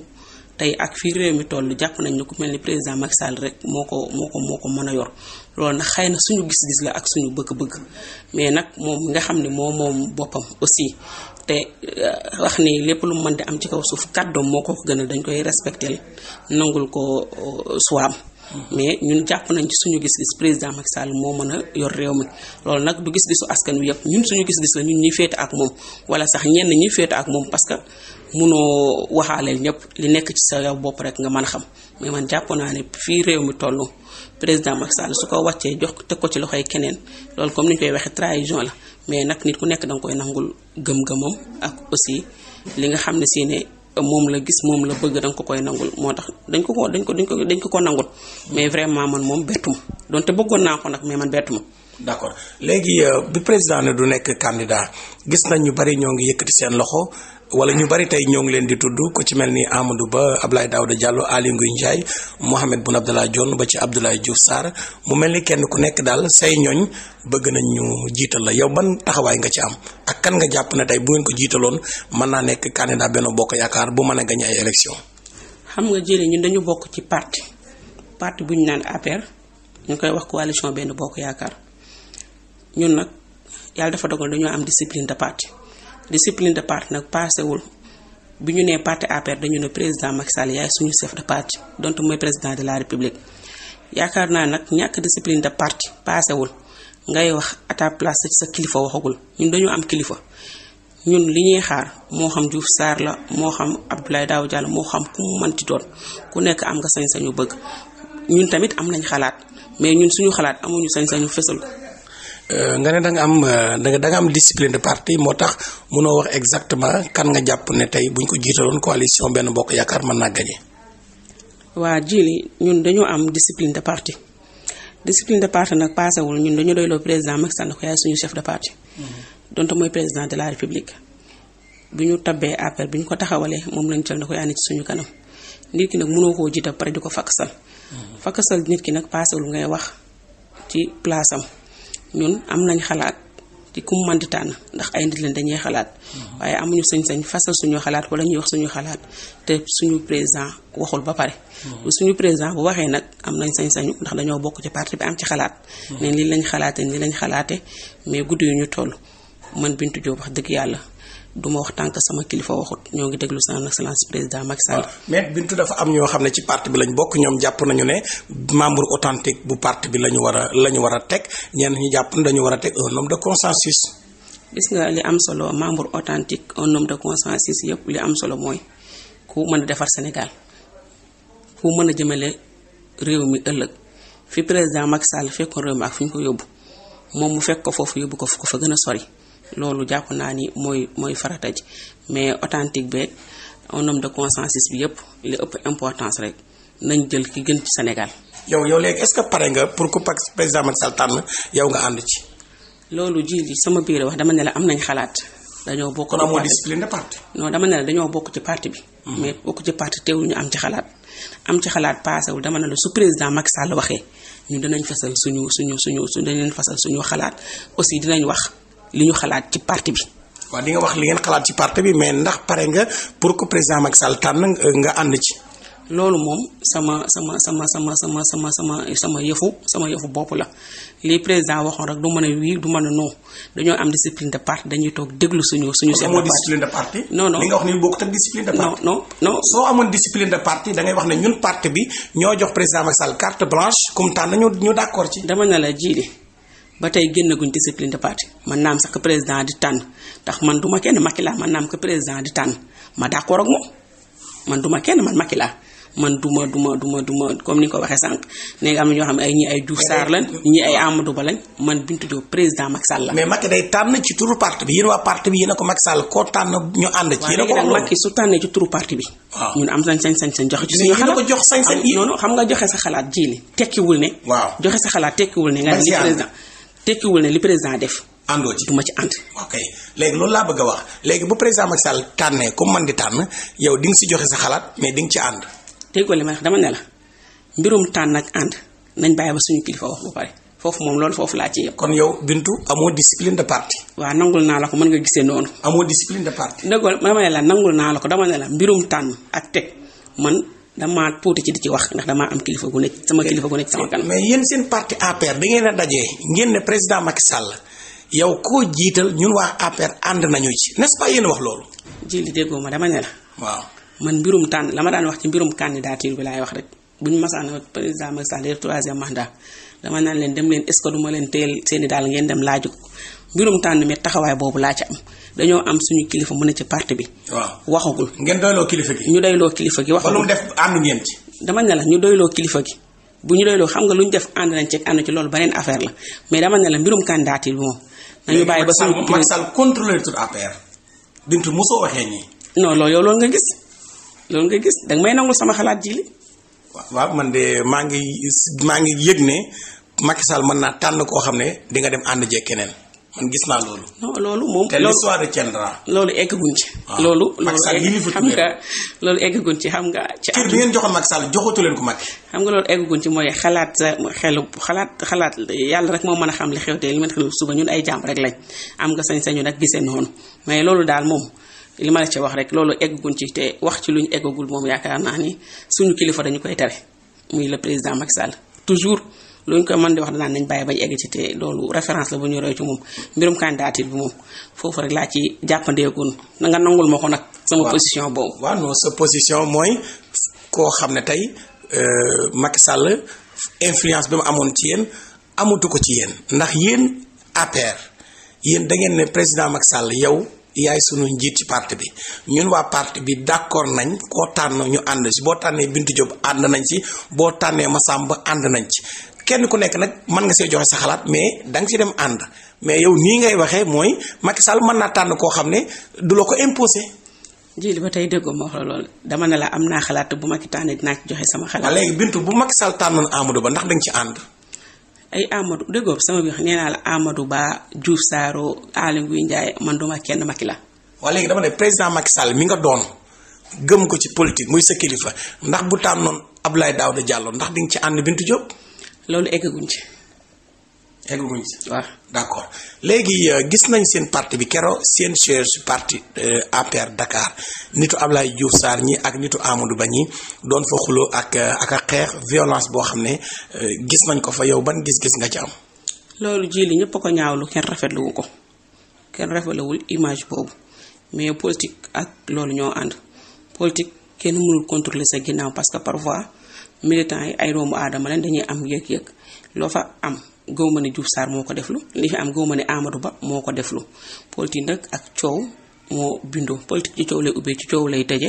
[SPEAKER 2] tey ak fi réew mi toll jàpp nañ ne ku mel ni président Macky Sall rek moo ko moo ko moo ko mën a yor loolu nag xëy na suñu gis-gis la ak suñu bëgg-bëgg mais nag moom nga xam ne moom moom boppam aussi te eh, wax nii lépp lu mu mën di am ci kaw suuf kàddoom moo ko gënal dañ koy respecté nangul ko eh, suwaam mm-hmm. mais ñun jàpp nañ ci suñu gis-gis président Macky Sall moo mën a yor réew mi loolu nag du gis-gisu askan wi yëpp ñun suñu gis-gis la ñun ñi féete ak moom wala sax ñenn ñi féete ak moom parce que munoo waxaaleel ñëpp li nekk ci sa yow bopp rek nga mën a xam mais man jàpp naa ne fii réew mi toll président Macky su ko wàccee jox teg ko ci loxoy keneen loolu comme ni ñu koy waxee trahison la. mais nag nit ku nekk danga koy nangul gëm-gëmam ak aussi li nga xam ne si ne moom la gis moom la bëgg danga ko koy nangul moo tax dañ ko ko dañ ko dañ ko dañ ko ko nangul mais vraiment man moom bettu ma donte bëggoon naa ko nag mais man bettu ma. d'accord léegi euh, bi président ne du nekk
[SPEAKER 1] candidat gis nañ ñu bari ñoo ngi yëkk yëkkati seen loxo. wala ñu bari tey ñoo ngi leen di tudd ko ci mel ni Amadou Ba Abdoulaye Daouda Diallo Aly Ngouille Ndiaye Mohamed Boun Abdallah Dionne ba ci Abdoulaye Diouf Sarr mu mel ni kenn ku nekk daal say ñooñ bëgg nañ ñu jiital la yow ban taxawaay nga ci am ak kan nga jàpp na tey bu ngeen ko jiitaloon mën naa nekk candidat benn Bokk Yaakaar bu man a gañ ay élection
[SPEAKER 2] xam nga jëlee ñun dañu bokk ci parti parti bu ñu naan APR ñu koy wax coalition benn Bokk Yaakaar ñun nag yàlla dafa dogal dañoo am discipline de parti discipline de parti nag paasewul bi ñu nee parti APR dañu ne président Macky Sall yaay suñu chef de parti dont mooy président de la république yaakaar naa nag ñàkk discipline de parti paasewul ngay wax à ta place sa kilifa waxagul ñun dañu am kilifa ñun li ñuy xaar moo xam Diouf Sarr la moo xam Abdoulaye Daouda Diallo moo xam ku mu mënti doon ku nekk am nga sañ-sañu bëgg ñun tamit am nañ xalaat mais ñun suñu xalaat amuñu sañ-sañu fësal ko
[SPEAKER 1] Euh, nga ne da nga am euh, da nga am discipline de parti moo tax mënoo wax exactement kan nga jàpp ne tey buñ ko jiitaloon coalition benn bokk yaakaar ma naa gañe.
[SPEAKER 2] waa jili ñun dañoo am discipline de parti discipline de parti nag paasewul ñun dañu doyloo président Macky Sall ko suñu chef de parti. Mhm. donte mooy président la république. bi ñu tabbee affaire bi ñu ko taxawalee moom lañ jël ne ko yaa ne suñu kanam nit ki nag mënoo koo jiital pare di ko fakk sal mhm. fakk sal nit ki nag paasewul ngay wax ci place am. ñun am nañ xalaat ci ku mu tànn ndax ay nit lañ dañuy xalaat mm-hmm. waaye amuñu sañ-sañ fasal suñu xalaat wala ñuy wax suñu xalaat te suñu président waxul ba pare mm-hmm. suñu président bu waxee nag am nañ sañ-sañu ndax dañoo bokk ci parti bi am ci xalaat mm-hmm. ne lii lañ xalaate nii lañ xalaate mais guddi yu ñu toll man Bintu Diop wax dëgg yàlla du ma wax tànk sama kilifa waxut ñoo ngi déglu son excellence président Macky Sall. Ah,
[SPEAKER 1] mais Bintu dafa am ñoo xam ne ci parti bi lañ bokk ñoom jàpp nañu ne membre authentique bu
[SPEAKER 2] parti bi la ñu war a la ñu war a teg ñenn ñi jàpp ne dañu war a teg un homme de consensus. gis nga li am solo membre authentique un homme de consensus yëpp li am solo mooy ku mën a defar Sénégal ku mën a jëmale réew mi ëllëg fi président Macky Sall fekkoon réew mi ak fi ñu ko yóbbu moom mu fekk ko foofu yóbbu ko fu fa gën a sori. loolu jàpp naa ni mooy mooy farata ji mais authentique be un homme de consensus bi yëpp li ëpp importance rek nañ jël ki gën ci Sénégal.
[SPEAKER 1] yow yow léegi est-ce que pare nga pour ku président Macky Sall tànn yow nga
[SPEAKER 2] ànd ci. loolu ji li sama biir wax dama ne la am nañ xalaat. dañoo bokk ci parti discipline parti. non dama ne la dañoo bokk ci parti bi. Mhm. mais bokk ci parti teewul ñu am ci xalaat. am ci xalaat paasewul dama ne la su président Macky Sall waxee ñu dinañ fasal suñu suñu suñu dinañ fasal suñu xalaat aussi dinañ wax. li ñu xalaat ci parti bi. waaw di nga wax li ngeen xalaat ci parti bi mais ndax pare nga pour que président Macky Sall euh, nga ànd ci. loolu moom sama sama sama sama sama sama sama sama yëfu sama yëfu bopp la lii président waxoon rek du mën a wii du a non dañoo am discipline de dañuy toog déglu suñu suñu. seen parti discipline de parti. non non li nga ak
[SPEAKER 1] discipline de parti. da ngay wax ne ñun parti bi ñoo jox président Macky Sall carte blanche comme tànn ñu
[SPEAKER 2] ñu d'accord ci. dama na la ji ba tey génnaguñ discipline de parti man naam sax président di tànn ndax man du ma kenn Macky laa man naam que président di tànn ma d'accord ak moom man du ma kenn man Macky laa man du ma du ma du ma du ma comme ni ko waxee sànq nee am na ñoo xam ne ay ay Diouf Sarr lañ ñi ay Amadou Ba lañ man Bintou Diop président Macky Sall la. mais Macky day tànn ci turu parti bi yéen waa parti bi ko Macky Sall koo tànn ñu ànd a ko wax ci turu parti bi. am nañ sañ-sañ sañ joxe ci suñu xalaat jox sañ-sañ noonu xam nga joxe sa xalaat jiili tekkiwul ne. waaw joxe sa xalaat tekkiwul ne. nga ne président tekkiwul ne li président def. àndoo ci du ma ci ànd. ok
[SPEAKER 1] léegi loolu laa bëgg a wax léegi bu président Macky Sall tànnee comme man di tànn yow di nga si joxe sa xalaat
[SPEAKER 2] mais di nga ci ànd. déggoo li ma wax dama ne la mbirum tànn ak ànd nañ bàyyi ba suñu kilifa wax ba pare foofu moom loolu foofu laa ci yem. kon yow Bintu amoo discipline de parti. waa nangul naa la ko mën nga gisee noonu. amoo discipline de parti. déggoo dama ne la nangul naa la ko dama ne la mbirum tànn ak teg man. damaa tuuti ci di ci wax ndax dama am kilifa gu nekk sama kilifa gu nekk sama kanam. mais yéen seen parti APR da ngeen a daje ngeen ne président Macky Sall yow koo jiital ñun waa APR ànd nañu ci n'est-ce pas yéen wax loolu. ji li déggoo ma dama ne la. waaw man mbirum tànn la ma daan wax ci mbirum candidature bi laay wax rek bu ñu masaan président Macky Sall def troisième mandat dama naan leen dem leen est-ce que du leen teel seen daal ngeen dem laaju ko mbirum tànn mi taxawaay laa ci am. dañoo am suñu kilifa mu ne ci parti bi. waaw waxagul. ngeen doyloo kilifa bi ñu doyloo kilifa gi waxagul lu def ànd ngeen ci. dama ne ñu doyloo kilifa gi bu ñu doyloo xam nga lu ñu def ànd nañ ci ànd ci loolu beneen affaire la mais dama ne la mbirum candidat bi
[SPEAKER 1] nañu bàyyi ba suñu Macky Sall contrôleur tout APR. bintu mosoo waxee ñii.
[SPEAKER 2] non loolu yow loolu nga
[SPEAKER 1] gis danga may nangul sama xalaat ji li waaw man de maa ngi maa ngi yëg ne Macky Sall mën naa tànn koo xam ne di nga dem ànd jeeg keneen man gis naa loolu.
[SPEAKER 2] non loolu moom. te l'histoire de Kendra. loolu eggaguñ ci. Ah. loolu loolu xam nga loolu egg eggaguñ ci xam nga. ci cër bi ngeen joxoon Macky leen ko Macky. xam nga loolu eggaguñ ci mooy xalaat sa xelu xalaat xalaat yàlla rek moo mën a xam li xew te li ma xew suba ñun ay jàmm rek lañ am nga sañ-sañu nag gisee noonu mais loolu daal moom. li ma la ci wax rek loolu egg eggaguñ ci te wax ci lu ñu eggagul moom yaakaar naa ni suñu kilifa dañu koy tere muy le président Macky Sall lu luñ koy mën di wax danaan nañ bàyyi bañ egg ci te loolu référence la bu ñu roy ci moom mbirum candidature bi moom foofu rek laa ci jàppandeekoon na nga nangul ma ko nag.
[SPEAKER 1] sama position boobu. waaw non sa position mooy koo xam ne tey euh, Macky Sall influence bi amoon ci yéen amatu ko ci yéen ndax yéen APR yéen da ngeen ne président Macky Sall yow. yaay sunu njiit ci parti bi ñun waa parti bi d'accord nañ koo tànn ñu ànd ci boo tànnee Bintu Diop ànd nañ ci boo tànnee Massamba ànd nañ ci kenn ku nekk nag mën nga see joxe sa xalaat mais da nga si dem ànd mais yow nii ngay waxee mooy Macky Sall
[SPEAKER 2] mën naa tànn koo xam ne du la ko imposé. ji li ba tey déggoo ma wax la loolu dama ne la am naa xalaat bu Macky tànn dinaa ci joxe sama xalaat.
[SPEAKER 1] Bintu bu Macky Sall tànnoon Amadou Ba ndax da nga ci
[SPEAKER 2] ànd. ay Amadou déggoo sama bi nee naa la Saaro Aly Ngouille Ndiaye man duma kenn Macky la.
[SPEAKER 1] waaw dama ne président Macky Sall mi nga doon. gëm ko ci politique muy sa kilifa ndax bu tànnoon daaw Daouda Diallo ndax di nga ci ànd Bintu Diop. loolu eggaguñ ci. eggaguñ ci waaw. d'accord léegi euh, gis nañ seen parti bi keroo seen siège parti euh, APR Dakar nitu Ablaye Diouf Sarr ñi ak nitu Amadou Ba ñi doon fa xuloo ak euh, ak a xeex violence boo xam ne gis nañ ko fa yow ban gis-gis nga ci am.
[SPEAKER 2] loolu ji li ñëpp ko lu kenn rafetluwu ko kenn rafetluwul image boobu mais politique ak loolu ñoo ànd politique kenn mënul contrôler sa ginnaaw parce que parfois. militant yi ay doomu aadama leen dañuy am yëg-yëg loo fa am gëw ma ne Diouf Sarr moo ko deflu li fi am gëw ma ne Amadou Ba moo ko deflu politique ndëkk ak coow moo bindoo politique ci coow lay ubbee ci coow lay tëje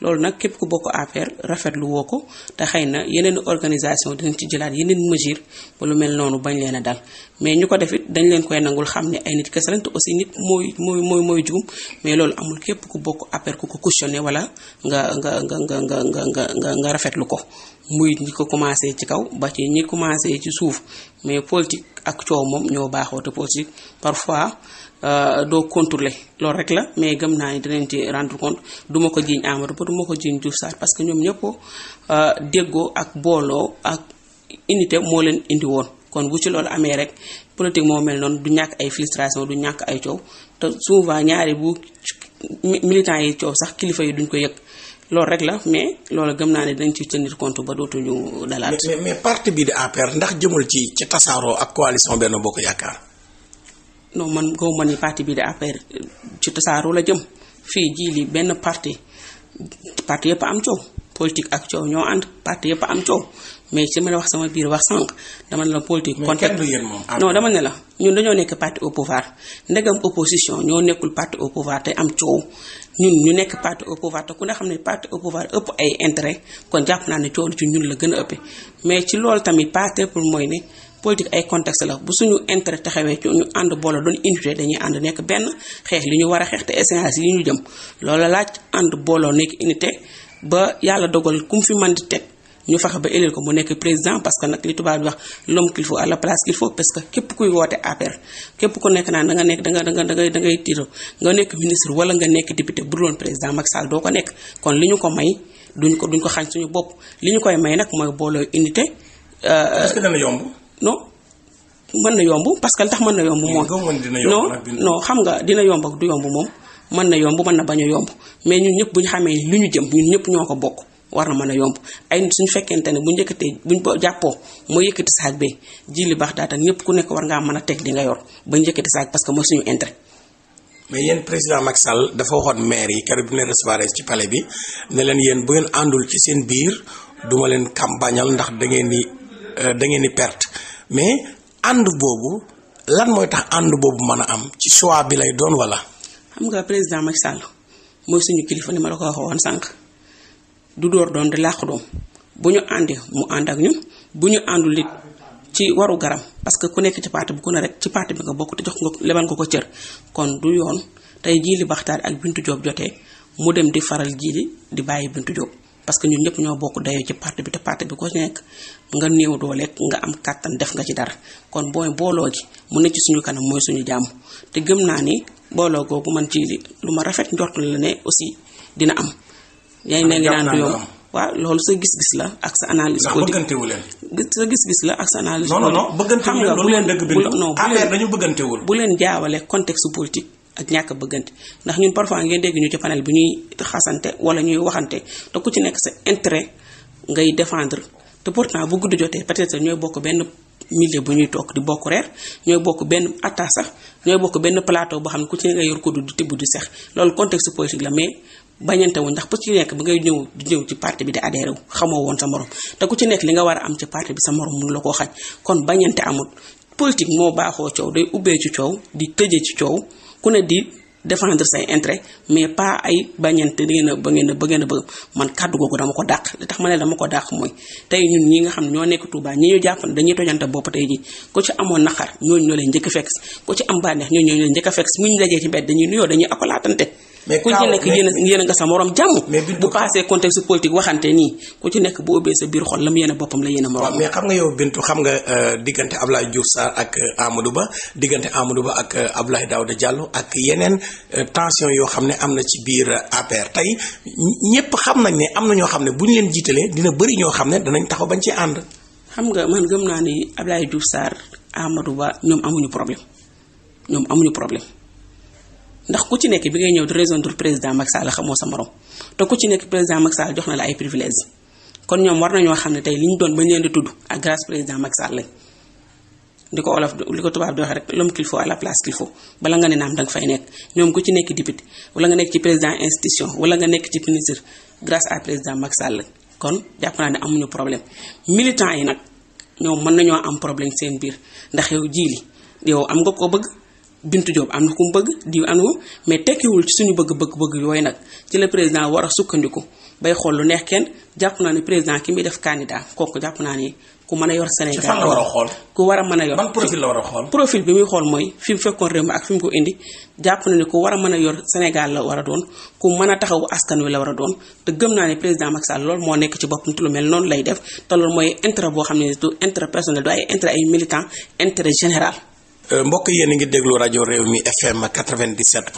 [SPEAKER 2] loolu nag képp ku bokk APR rafetlu woo ko te xëy na yeneen organisation dinañ ci jëlaat yeneen mesure ba lu mel noonu bañ leen a dal mais ñu ko def it dañ leen koy nangul xam ne ay nit kese lañ te aussi nit mooy mooy mooy mooy juum mais loolu amul képp ku bokk APR ku ko cautionné wala nga nga nga nga nga nga nga nga rafetlu ko muy ñi ko commencé ci kaw ba ci ñi commencé ci suuf mais politique ak coow moom ñoo baaxoo te politique parfois Euh, doo contrôler loolu rek la mais gëm naa ni dinañ ci rendre compte duma ko jiiñ Amadou Ba du ma ko jiiñ Diouf Sarr parce que ñoom ñëpp euh, déggoo ak booloo ak unité moo leen indi woon kon bu ci loolu amee rek politique moo mel noonu du ñàkk ay frustration du ñàkk ay coow te souvent ñaari bu militants yi coow sax kilifa yi duñ ko yëg loolu rek la mais loolu gëm naa ne dañ ci tenir contre ba dootuñu dalaat. mais
[SPEAKER 1] mais parti bii di APR ndax jëmul ci ci tasaaroo ak coalition Benno Bokk Yaakaar.
[SPEAKER 2] non man gaw ma ni parti bi de affaire ci tasaaroo la jëm fii jii li benn parti parti yëpp am coow politique ak coow ñoo ànd parti yëpp am coow mais ci ma wax sama biir wax sànq dama ne la politique. contexte non dama ne la ñun dañoo nekk parti au pouvoir ndegam opposition ñoo nekkul parti au pouvoir am coow ñun ñu nekk parti au pouvoir te ku ne xam ne parti au pouvoir ëpp ay intérêt kon jàpp naa ne coow ci ñun la gën a ëppee mais ci loolu tamit parti pour mooy ne. politique ay contexte la bu suñu intérêt taxawee ci ñu ànd booloo doon unité dañuy ànd nekk benn xeex li ñu war a xeex te essence yi ñu jëm loola laaj ànd booloo nekk unité ba yàlla dogal kum fi man di teg ñu fax ba élire ko mu nekk président parce que nag li tubaab di wax l'homme qu'il faut à la place qu'il parce que képp kuy woote APR képp ku nekk naan na nga nekk da nga da nga da ngay da nekk ministre wala nga nekk député bu doon président Macky Sall doo ko nekk kon li ñu ko may duñ ko duñ ko xañ suñu bopp li ñu koy may nag mooy booloo unité. Euh, est-ce non mën na yomb parce que li mën na yomb mooy non non xam nga dina yomb ak du yomb moom mën na yomb mën na bañ a yomb mais ñun ñëpp bu ñu xamee li ñu jëm ñun ñëpp ñoo ko bokk war na mën a yomb ay nit suñu fekkente ne bu ñu yëkkatee bu ñu jàppoo mooy yëkkati saag bee ji li baax daata ñëpp ku nekk war ngaa mën a teg li nga yor ba ñu yëkkati saag parce que mooy suñu intérêt.
[SPEAKER 1] mais yéen président Macky Sall dafa waxoon maire yi keroog bi ne recevoir ci pale bi ne leen yéen bu àndul ci seen biir duma leen campagnal ndax da ngeen di Euh, da ngeen di perte mais ànd boobu lan mooy tax ànd boobu mën a am ci choix bi lay doon wala.
[SPEAKER 2] xam nga président Macky Sall mooy suñu kilifa ni ma la ko waxoon sànq du dóor doon di làq doom bu ñu àndi mu ànd ak ñun bu ñu àndul it ci waru garam parce que ku nekk ci parti bu ku ne rek ci parti bi nga bokk te jox nga lebal nga ko cër kon du yoon tey Djily Boubacar ak bintu Diop jotee mu dem di faral Djily di bàyyi bintu Diop. parce que ñun ñëpp ñoo bokk dayoo ci parti bi te parti bi ko ci nekk nga néew dooleeg nga am kàttan def nga ci dara kon booy booloo gi mu ne ci suñu kanam mooy suñu jàmm te gëm naa ni booloo googu man ci lu ma rafet njort la ne aussi dina am. yaa ngi ne nga naan du yomb waaw loolu sa gis-gis la ak sa analyse. ko di bëggantewu leen. sa gis-gis la ak sa analyse. non non non bëggantewu leen loolu leen dëgg bi. xam nga bu leen bu leen jaawale contexte politique. ak ñàkk bëggante ndax ñun parfois ngeen dégg ñu ci panel bi ñuy xasante wala ñuy waxante te ku ci nekk sa intérêt ngay défendre te pourtant bu gudd jotee peut-être ñooy bokk benn milieu bu ñuy toog di bokk reer ñooy bokk benn atta sax ñooy bokk benn plateau boo xam ne ku ci yor ko du tibb di sex loolu contexte politique la mais bañante wu ndax ku ci nekk ngay ñëw di ci parti bi di adhéré wu xamoo woon sa morom te ku ci nekk li nga war a am ci parti bi sa morom mënu la koo xaj kon bañante amul politique moo baaxoo coow day ubbee ci coow di tëjee ci coow ku ne di défendre say intérêt mais pas ay bañante di ngeen a ba ngeen a ba ngeen a bëgg man kàddu googu dama ko dàq li tax ma ne dama ko dàq mooy tey ñun ñi nga xam ñoo nekk Touba ñi ñu jàpp ne dañuy tojante bopp tey ji ku ci amoon naqar ñooñu ñoo leen njëkk a fekk ku ci am bànneex ñooñu ñoo leen njëkk fekk bu ñu dajee ci mbedd dañuy nuyoo dañuy akolaatante mais ku ci nekk yéen yéen nga sa morom jàmm. bu passé contexte politique waxante nii ku ci nekk bu ubbee sa biir xol la mu yéen a boppam la yéen a morom. mais xam nga yow Bintu xam nga euh,
[SPEAKER 1] diggante Abdoulaye Diouf Sarr ak euh, Amadou Ba diggante Amadou Ba ak euh, Abdoulaye Daouda Diallo ak yeneen tension yoo xam ne am na ci biir APR tey ñëpp xam nañ ne am na ñoo xam
[SPEAKER 2] ne bu ñu leen jiitalee dina bëri ñoo xam ne danañ taxaw bañ ci ànd. xam nga man gëm naa ni Abdoulaye Diouf Sarr Amadou Ba ñoom amuñu problème ñoom amuñu problème ndax ku ci nekk bi ngay ñëw di rejoindre président Macky Sall xamoo sa morom te ku ci nekk président Macky jox na la ay privilèges kon ñoom war nañoo xam ne tey li ñu doon ba ñu leen di tudd ak grâce président Macky Sall lañ di ko olof li ko tubaab di waxee rek l'homme qu'il à la place qu'il faut bala nga ne naam da fay nekk ñoom ku ci nekk député wala nga nekk ci président institution wala nga nekk ci ministre grâce à président Macky Sall lañ kon jàpp naa ne amuñu problème militant yi nag ñoom mën nañoo am problème seen biir ndax yow jiili yow am nga ko bëgg. Bintu Diop am na ku mu bëgg diw am na mais tekkiwul ci suñu bëgg-bëgg-bëgg yooyu nag ci la président war a sukkandiku bay xool lu neex kenn jàpp naa ne président ki muy def candidat kooku jàpp naa ne ku mën a yor Sénégal. war a xool ku war a mën a yor. ban profil la bi muy xool mooy fi mu fekkoon réew mi ak fi mu ko indi jàpp na ne ku war a mën a yor Sénégal la war a doon ku mën a taxawu askan wi la war a doon te gëm naa ne président Macky Sall loolu moo nekk ci boppam te lu mel noonu lay def te loolu mooy intérêt boo xam ne du intérêt personnel du ay intérêt ay général
[SPEAKER 1] Euh, mbokk yéen a ngi déglu rajo réew mi FM 97.5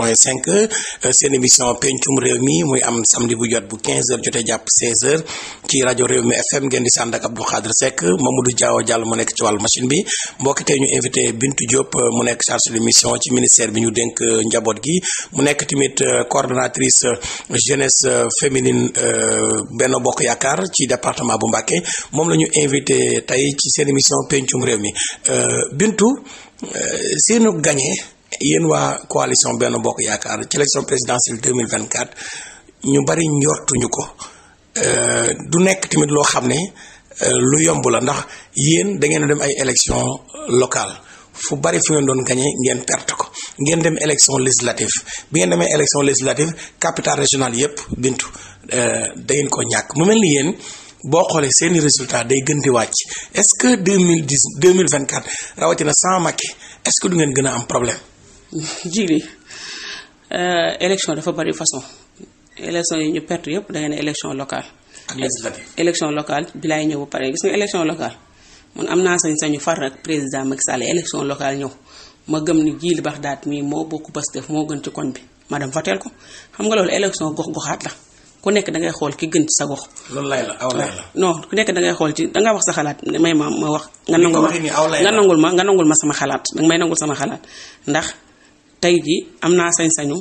[SPEAKER 1] euh, seen émission pencum réew mi muy am samedi bu jot bu 15h jotee jàpp 16h ci rajo réew mi FM ngeen di sànd ak Abdou moom Seck Mamadou Diaw jàll mu nekk ci wàllu machine bi mbokk tey ñu invité bintu Diop euh, mu nekk chargé de mission ci ministère bi ñu dénk njaboot gi mu nekk tamit coordonnatrice jeunesse féminine benn Bokk Yaakaar ci département bu Mbacké moom la ñu invité tey ci seen émission pencum réew mi Bintou. Euh, seenu gañe yéen waa coalition benn bokk yaakaar ci élection présidentielle 2024 ñu bari njortuñu ko euh, du nekk tamit loo xam ne euh, lu yomb la ndax yéen da ngeen dem ay élection locale fu bari fu ngeen doon gañe ngeen perte ko ngeen dem élection législative bi ngeen demee élection législative capital régional yépp bintu da ngeen ko ñàkk mu mel ni yéen boo xoolee seeni résultat day gën di wàcc est-ce que deux mille dix deux mille vingt quatre rawatina sans Macky est-ce que du ngeen gën a am problème.
[SPEAKER 2] jili euh, élection dafa bari façon élection yi ñu perte yëpp da ngeen élection locale. élection locale bi laay ñëw ba pare gis nga élection am naa sañ-sañu far président Macky Sall élection locale ñëw ma gëm ni Djily Bardaat mii moo bokk Pastef moo gën ci kon bi ma dem voteel ko xam nga loolu élection gox goxaat la. ku nekk dangay xool ki gën ci sa gox. loolu la ku nekk dangay xool ci danga wax sa xalaat may ma ma wax. nga nangul ma nga nangul ma nga nangul ma sama xalaat danga may nangul sama xalaat ndax tey ji am naa sañ-sañu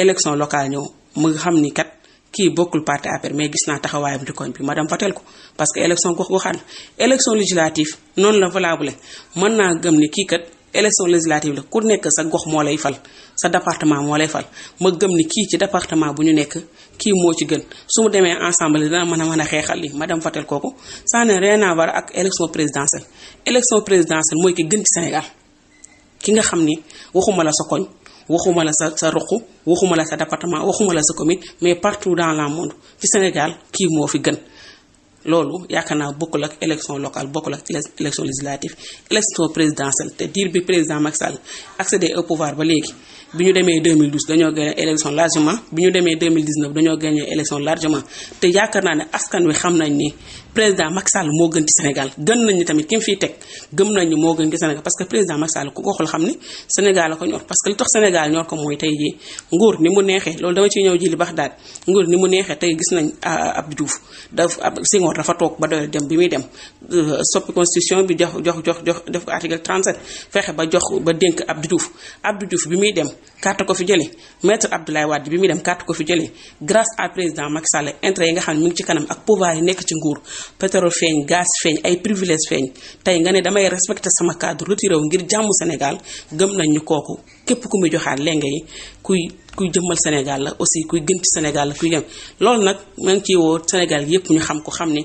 [SPEAKER 2] élection locale ñëw mu xam ni kat. kii bokkul parti APR mais gis naa taxawaayam ci koñ bi ma dem votel ko parce que élection gox goxaan élection législative noonu la valable mën naa gëm ni kii kat élection législative la ku nekk sa gox moo lay fal sa département moo lay fal ma gëm kii ci département bu ñu nekk kii moo ci gën su mu demee ensemble dana mën a mën a xeexal li ma dem votel kooku ça n'a rien à voir ak élection présidentielle élection présidentielle mooy ki gën ci Sénégal ki nga xam ni waxuma la sa koñ waxuma la sa sa ruq waxuma la sa département waxuma la sa commune mais partout dans la monde ci Sénégal kii moo fi gën loolu yaakaar naa bokkul ak élection locale bokkul ak élection législative élection présidentielle te diir bi président Macky Sall accédé au pouvoir ba léegi bi ñu demee 2012 dañoo gagné élection largement bi ñu demee 2019 dañoo gagné élection largement te yaakaar naa ne askan wi xam nañ ni président Macky Sall moo gën ci Sénégal gën nañu tamit ki mu teg gëm nañu moo gën ci Sénégal parce que président Macky Sall ku ko xool xam ni Sénégal la ko ñor parce que li tax Sénégal ni mu neexee loolu dama ciy ñëw ji li baax daal nguur ni mu neexee tey gis nañ ah, Abdou Diouf daf Senghor dafa toog ba doyal dem bi muy dem euh, soppi constitution bi jox jox jox jox def ko article 37 fexe ba jox ba dénk Abdou Diouf Abdou Diouf bi muy dem carte ko fi jëlee maître Abdoulaye Wade bi muy dem carte ko fi jëlee grâce à président Macky Sall intérêt yi nga xam ne mu ngi ci kanam ak pouvoir yi nekk ci nguur pétrole feeñ gaz feeñ ay privilège feeñ tey nga ne damay respecté sama cadre retiré wu ngir jàmm Sénégal gëm nañ ñu kooku képp ku muy joxaat lenge yi kuy kuy jëmmal Sénégal la aussi kuy gën ci Sénégal la kuy jëm loolu nag maa ngi ciy woo Sénégal yépp ñu xam ko xam ni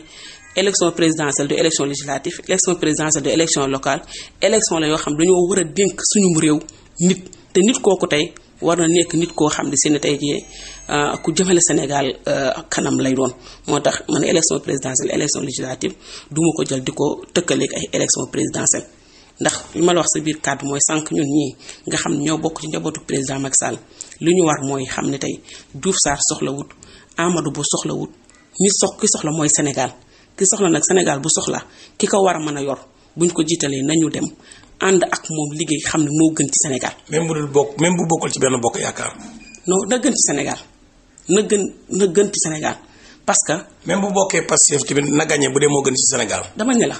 [SPEAKER 2] élection présidentielle de élection législative élection présidentielle de élection locale élection la yoo xam dañoo war a dénk suñu réew nit te nit kooku tey war na nekk nit koo xam ne si ne tey jii euh, ku jëmale Sénégal euh, kanam lay doon moo tax man élection présidentielle élection législative du ma ko jël di ko tëkkaleeg ay élection présidentielle ndax li ma la wax sa biir kàddu mooy sànq ñun ñii nga xam ñoo bokk ci njabootu président Macky Sall li ñu war mooy xam ne tey Diouf Sarr soxlawut Amadou soxla wut ñi sox ki soxla mooy Sénégal ki soxla nag Sénégal bu soxla ki ko war a mën a yor buñ ko jiitalee nañu dem ànd ak moom liggéey xam ne moo gën ci Sénégal. même bu dul bokk même bu bokkul ci benn bokk yaakaar. non na gën ci na gën na gën ci parce que. même bu
[SPEAKER 1] bokkee Pastef tamit na gagné bu dee moo gën Sénégal.
[SPEAKER 2] dama ne la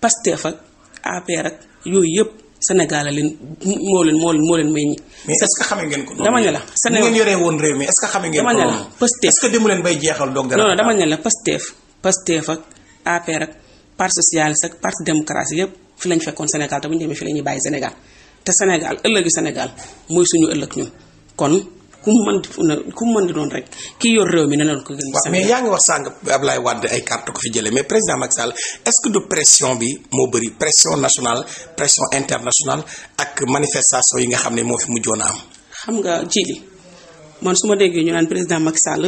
[SPEAKER 2] Pastef ak APR ak yooyu yëpp Sénégal leen moo leen moo moo leen may ñi. mais que xame ngeen ko. dama la Sénégal ngeen yoree woon réew mi est ce que xame ngeen ko. dama leen bay jeexal doog dara. non non dama ne la Pastef Pastef ak APR ak parti socialiste ak parti démocratique yëpp. fi lañ fekkoon Sénégal te bu ñu demee fi la ñuy bàyyi Sénégal te Sénégal ëllëgu Sénégal mooy suñu ëllëg ñun kon ku mu mën ku mën di doon rek kii yor réew mi na doon ko gën. waaw mais yaa
[SPEAKER 1] ngi wax sànq Ablaye Wade ay carte ko fi jële mais président Macky Sall est-ce que du pression bi moo bëri pression nationale pression ak manifestation yi nga xam ne moo fi mujjoon am.
[SPEAKER 2] xam nga jili man su ma déggee ñu président Macky Sall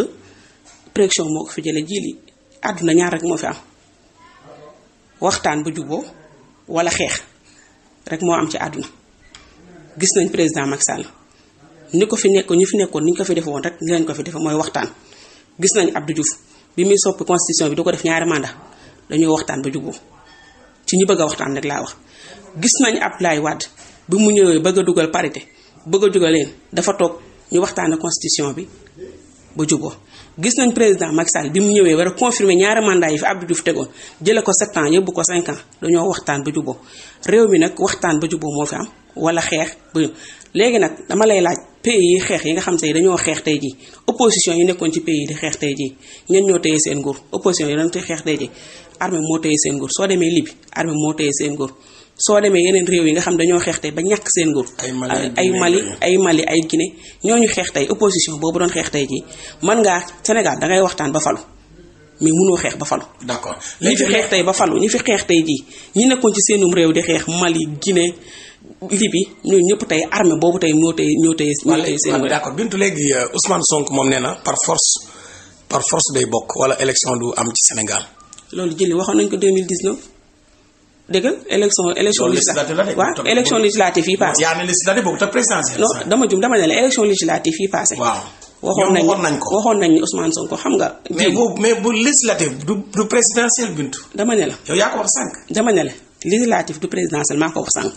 [SPEAKER 2] pression moo ko fi jëlee jili àdduna ñaar rek moo fi am waxtaan bu juboo wala xeex rek moo am ci àdduna gis nañ président Macky Sall ni ko fi nekk ñu fi nekkoon ni ñu ko fi defe woon rek ni lañ ko fi defe mooy waxtaan gis nañ Abdou Diouf bi muy soppi constitution bi du ko def ñaari dañoo waxtaan ba juboo ci ñu bëgg a waxtaan rek laa wax gis nañ Abdoulaye Wade bi mu ñëwee bëgga dugal parité bëgg a dugal leen dafa toog ñu waxtaan constitution bi ba juboo gis nañ président Macky Sall bi mu ñëwee war a confirmer ñaari mandat yi fi Abdou Diouf tegoon jële ko sept ans yóbbu ko cinq ans dañoo waxtaan ba juboo réew mi nag waxtaan ba juboo moo fi am wala xeex ba léegi nag dama lay laaj pays yi xeex yi nga xam te dañoo xeex tey jii opposition yi nekkoon ci pays di xeex tey jii ñen ñoo téye seen nguur opposition yi dañ koy xeex tey jii armée moo téye seen nguur soo demee Libye armée moo téye seen nguur soo demee yeneen réew yi nga xam dañoo xeex tey ba ñàkk seen nguur ay Mali ay Mali ay Guinée ñooñu xeex tey opposition boobu doon xeex tey jii man ngaa Sénégal dangay waxtaan ba falu mais munoo xeex ba falu d'accord ñi fi xeex tey ba falu ñi fi xeex tey jii ñu nekkoon ci seenum réew di xeex Mali lii bi ñooñu ñëpp tey armée boobu tey ñoo tey ñoo tey ñoo tey seen réew d'accord
[SPEAKER 1] bintu léegi euh, usman Sonko moom nee na par force par force day bokk wala élection du am
[SPEAKER 2] ci Sénégal loolu jëli waxoon nañ ko 2019 dëgg élection élection législative waaw élection législative yi paase. yaa ne législative boobu te présidentielle non dama jum dama ne la élection yi paase. waxoon nañ waxoon nañ ko xam nga. mais bu mais bu législative du dama ne la yow yaa ko sànq. dama ne la législative du présidentielle maa ko wax sànq.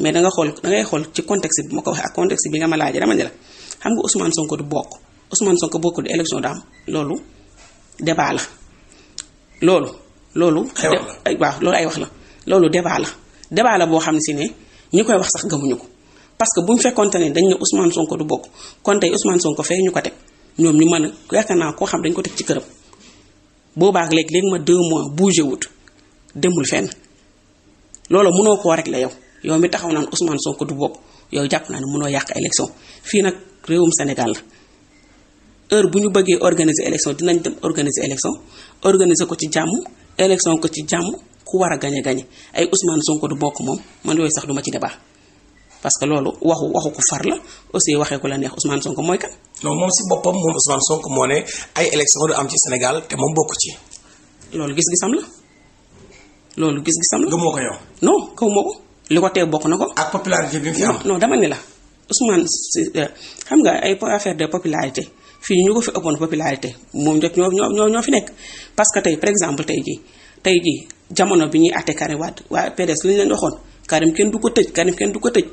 [SPEAKER 2] mais da nga xool da ngay xool ci contexte bi ma ko waxee ak contexte bi nga ma laajee dama ne la xam nga Ousmane Sonko du bokk Ousmane Sonko bokkul di élection daam loolu débat la loolu. loolu. xew la waaw loolu ay wax la loolu débat la débat la boo xam si ne ñi koy wax sax gëmuñu ko parce que bu ñu fekkonte ne dañ ne Ousmane Sonko du bokk kon tey son Sonko fee ñu ko teg ñoom ñu mën a yaakaar koo xam dañ ko teg ci këram boobaak léegi léegi ma deux mois bougé wut demul fenn loolu mënoo koo rek la yow yow mi taxaw naan Ousmane Sonko du bokk yow jàpp naa ne mënoo yàq élection fii nag réewum Sénégal la heure bu ñu bëggee organiser élection dinañ dem organiser élection organiser ko ci jàmm élection ko ci jàmm. ku war a gañe gañe ay Ousmane Sonko du bokk moom man yooyu sax duma ci debaa parce que loolu waxu waxu ko far la aussi waxee ko la neex Ousmane Sonko mooy kan. non moom si boppam moom Ousmane Sonko moo ay élection am ci Sénégal moom bokk ci. loolu gis-gisam la loolu gis-gisam la. gëmoo ko yow. kaw moo ko li ko tee bokk na ko. ak popularité bi mu fi am. non dama ne la Ousmane euh, xam nga ay affaire de popularité. fii ñu ko fi ëppoon popularité moom njëkk ñoo ñoo ñoo fi nekk parce que tey par exemple tey jii tey jii jamono bi ñuy àtte Karim Wade waa PDS li ñu leen waxoon Karim kenn du ko tëj Karim kenn du ko tëj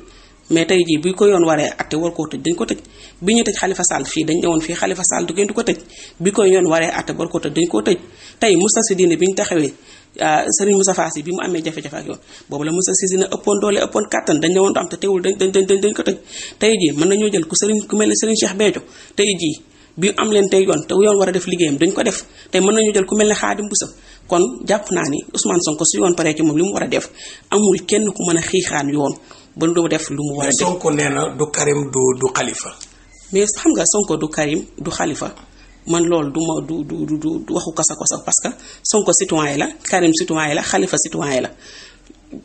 [SPEAKER 2] mais tey jii bi ko yoon waree àtte war koo tëj dañ ko tëj bi ñuy tëj Khalifa Sall fii dañ ñëwoon fii Khalifa Sall du kenn ko tëj bi ko yoon waree àtte war koo tëj dañ koo tëj bi ñu taxawee ah, Serigne Moussa Fassi bi mu amee jafe yoon boobu la Moussa Sidine ëppoon dañ ñëwoon du am te teewul dañ ko tëj tey jii mën nañoo jël ku Serigne ku mel ne Serigne Cheikh Béthio tey jii bi am leen tey yoon te yoon war a def liggéeyam dañ ko def te mën nañu jël ku mel ne Xaadim Busa kon jàpp naa ni Ousmane sonk su yoon paree ci moom li mu war a def amul kenn ku mën a xiixaan yoon ba doo def lu mu war a def. Sonko nee na du Karim du du Khalifa. mais xam nga Sonko du Karim du xalifa man loolu du ma du du du du waxu kasa kasa parce que Sonko yi la Karim yi la xalifa Khalifa yi la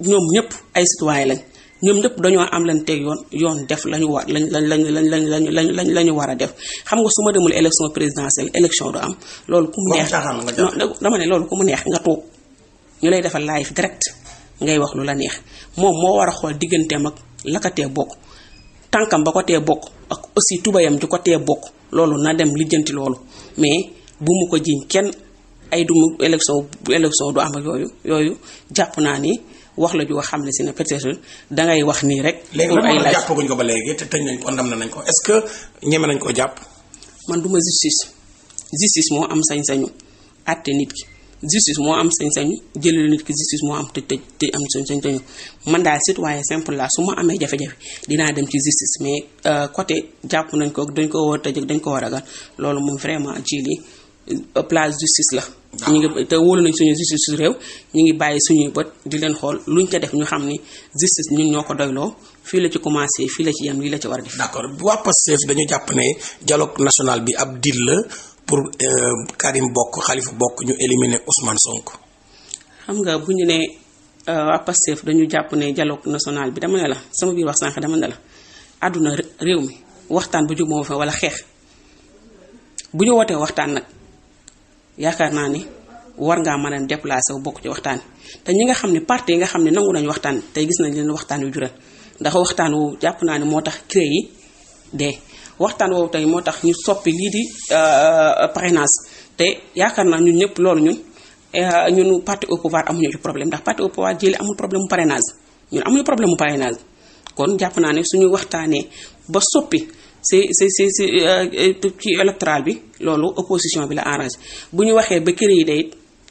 [SPEAKER 2] ñoom ñëpp ay citoyen lañ. ñoom ñëpp dañoo am lan teg yoon yoon def lañu war lañ lañ lañ lañ lañ lañ lañ lañ la ñu war a def xam nga su ma demul élection présidentielle élection du am loolu ku mu neex dama ne loolu ku mu neex nga toog ñu lay defal live direct ngay wax lu la neex moom moo war a xool digganteem ak la ko tee bokk tànkam ba ko tee bokk ak aussi tubayam ju ko tee bokk loolu na dem lijjanti loolu mais bu mu ko jiiñ kenn ay dumu élection élection du am ak yooyu yooyu jàpp naa ni wax la ju nga xam ne si ne peut-être dangay wax nii rek. pour ay laaj ko ba léegi te tëj
[SPEAKER 1] nañ ko ndam nañ ko
[SPEAKER 2] est-ce que ñeme nañ ko jàpp. man duma justice justice moo am sañ-sañu àtte nit ki justice moo am sañ-sañu jëlee nit moo am tëj tëj te am sañ-sañu man daal waaye simple la su ma amee jafe-jafe dinaa dem ci justice mais euh, côté jàpp nañ ko dañ ko war a tëj dañ ko war a gan loolu moom vraiment ci li euh, place justice la. te wóolu nañ suñu justice su réew ñu ngi bàyyi suñuy bët di leen xool luñ ko def ñu xam ni justice ñun ñoo ko doyloo fii la ci commencé fii la ci yem lii la ci war a def. d'accord waa Pastef dañu jàpp
[SPEAKER 1] ne dialogue national bi ab deal la pour euh, Karim bokk Khalifa bokk ñu éliminer Ousmane Sonko.
[SPEAKER 2] xam nga bu ñu nee euh, waa Pastef dañu jàpp ne dialogue nationale bi dama ne la sama biir wax sànq dama ne la àdduna réew mi waxtaan bu jub moo fa wala xeex bu ñu wootee waxtaan nag. yaakaar naa ni war ngaa mën a déplacé wu bokk ci waxtaan te ñi nga xam ne parti yi nga xam ne nangu nañu waxtaan tey gis nañ leen waxtaan wi jural ndax waxtaan woowu jàpp naa ne moo tax cré yi waxtaan woowu tey moo tax ñu soppi lii di euh, euh, parrainage te yaakaar naa ñu ñëpp loolu ñun euh, ñun parti au pouvoir amuñu ci problème ndax parti au pouvoir jëli amul problème mu ñu ñun amuñu problème mu parrainage kon jàpp naa ne suñu waxtaanee ba soppi si si si si euh, ci électoral bi loolu opposition bi la arrangé bu ñu waxee ba kër yi day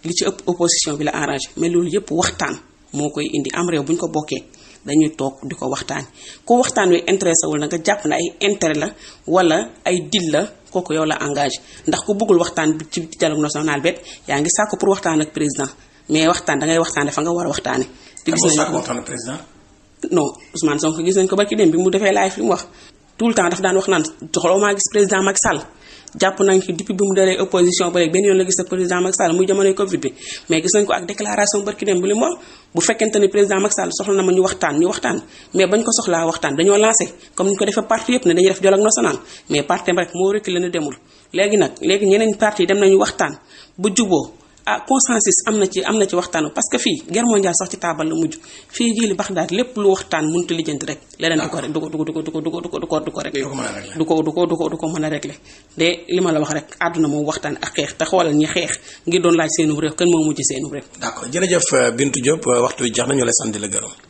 [SPEAKER 2] li ci ëpp opposition bi la arrangé mais loolu yëpp waxtaan moo koy indi am réew bu ñu ko bokkee dañuy toog di ko waxtaan ku waxtaan wi intéressé wul na nga jàpp na ay intérêt la wala ay dil la kooku yow la engagé ndax ku bëggul waxtaan bi ci dialogue national bet yaa ngi sàkku pour waxtaan ak président mais waxtaan da ngay waxtaane fa nga war a waxtaane
[SPEAKER 1] te gis nañu ko
[SPEAKER 2] président non Ousmane Sonko gis nañ ko barki dem bi mu defee laay fi mu wax tout le temps daf daan wax naan soxla maa gis président Macky Sall jàpp nañ ci depuis bi mu dalee opposition ba rek benn yoon la gis sa président Macky Sall muy jamonoy Covid bi mais gis nañ ko ak déclaration barki dem bu li mu wax léegi nag léegi ñeneen parti dem nañu waxtaan bu juboo ah consensus am na ci am na ci waxtaan parce que fii guerre mondiale sax ci taabal la mujj fii jii li Bagdad lépp lu waxtaan mënut a lijjanti rek leneen du ko rek du ko du ko du ko du ko du ko du ko du ko rek du ko du ko du ko du ko a de li la wax rek àdduna moom waxtaan ak xeex te xoolal ñi xeex ngir doon laaj seen réew kan moo mujj seenu réew
[SPEAKER 1] d'accord jërëjëf Bintou Diop waxtu jeex na ñu lay sant di la gërëm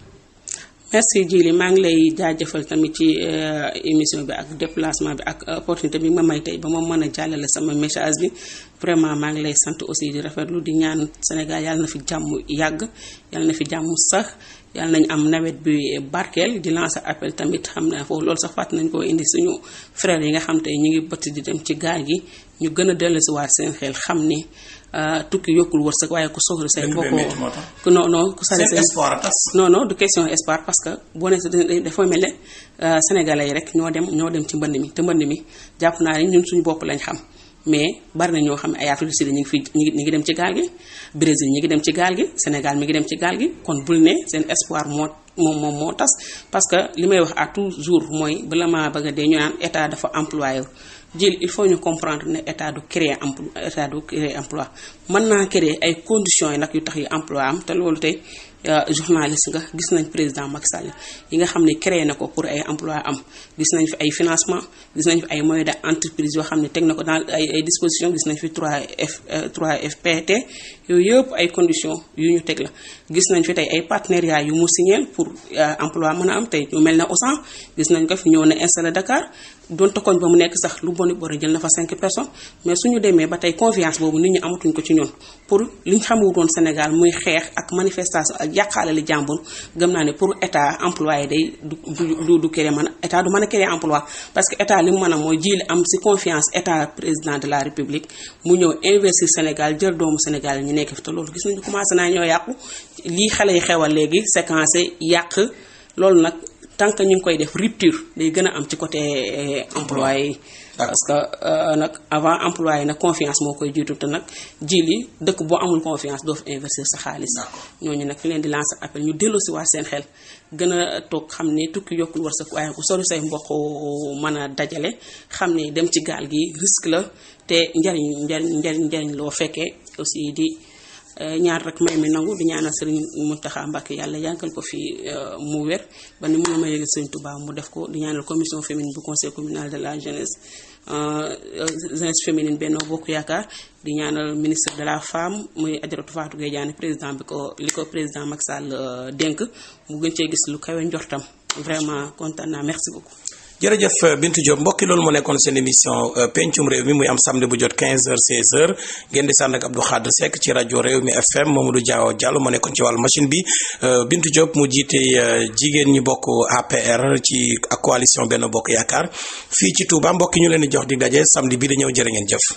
[SPEAKER 2] merci Djily maa ngi lay jaajëfal tamit ci euh, émission bi ak déplacement bi ak opportunité bi ma may tey ba ma mën a jàllale sama message bi vraiment maa ngi lay sant aussi di rafetlu di ñaan Sénégal yàlla na fi jàmm yàgg yàlla na fi jàmm sax yàlla nañ am nawet bi barkeel di lancer appel tamit xam naa foofu loolu sax fàtt nañ koo indi suñu frères yi nga xam tey ñu ngi bëtt di dem ci gaal gi ñu gën a dellusiwaat seen xel xam ni. Euh, tukki yokkul wërsëg waaye ku soxla say mbokk non noo ku sori say non non du question espoir parce que boo nee dafa mel ne euh, sénégalais yi rek ñoo dem ñoo dem ci mbënd mi te mbënd mi jàpp naa ne ñun suñu bopp lañ xam mais bari na ñoo xam ne ay Afrique du Sud ñu ngi fi ñu ngi ñu ngi dem ci gaal gi Brésil ñu ngi dem ci gaal gi Sénégal mi ngi dem ci gaal gi kon bul ne seen espoir moo moom moom moo tas parce que li may wax à toujours mooy bala maa bëgg a dee ñu naan état dafa employé jël il faut ñu comprendre ne état du créer emploi état du créer mën naa créer ay conditions yi nag yu tax yu emploi am te loolu tey euh, journaliste nga gis nañ président Macky Sall yi nga xam ne créé na ko pour ay emploi am gis nañ fi ay financement gis nañ ay moyens de entreprise yoo xam ne teg na ko dans ay ay disposition gis nañ fi 3F 3 euh, yooyu yëpp ay conditions yu ñu teg la gis nañ fi tey ay partenariat yu mu signé pour euh, emploi mën a am tey ñu mel ne Auchan gis nañ ko fi ñëw ne installé Dakar donte koñ ba mu nekk sax lu boni bor jël na fa cinq personnes mais suñu demee ba tey confiance boobu nit ñu amatuñ ko ci ñoom pour liñ xamul woon Sénégal muy xeex ak manifestation ak yàqaale li jàmbur gëm naa ne pour état employé day du du créer man état du mën a créer emploi parce que état li mu mën a mooy jiili am si confiance état président de la république mu ñëw investir Sénégal jël doomu Sénégal ñu nekk fi te loolu gis nañu commencé naa ñoo yàqu lii xale yi xewal léegi séquencé yàq loolu nag tant que ñu ngi koy def rupture day gën a am ci côté eh, employé yi parce que euh, nag avant employé nag confiance moo koy jiitu te nag jii li dëkk boo amul confiance doo fi investir sa xaalis ñooñu nag fi leen di lance appel ñu delloo si waat seen xel gën a toog xam ne tukki yokkul war sa ay ku sori say mbokk mën a dajale xam ne dem ci gaal gi risque la te njariñ njariñ njariñ njariñ loo fekkee aussi di Eh, ñaar rek may mi nangu di ñaanal Serigne Mountakha Mbacké yàlla yànkal ko fi eh, mu wér ba ni mu ma yëgal Serigne Touba mu def ko di ñaanal commission féminine bu conseil communal de la jeunesse eh, jeunesse féminine Benno Bokk Yaakaar di ñaanal ministre de la femme muy Adjaratou Fatou Gueye Diané président bi ko li ko président Macky Sall dénk mu gën cee gis lu kawe njortam vraiment kontaan naa merci beaucoup.
[SPEAKER 1] jërëjëf euh, Bintu Diop mbokki loolu mu nekkoon seen émission euh, pencum réew mi muy am samedi bu jot 15h 16h ngeen di sànd ak Abdou Khadre Seck ci rajo réew mi FM moom Mamadou Diaw Diallo moo nekkoon ci wàllu machine bi euh, Bintu Diop mu jiite jigéen ñi bokk APR ci ak coalition Benno Bokk Yaakaar fii ci Touba mbokki ñu leen di jox di daje samedi bi di ñëw ngeen jëf.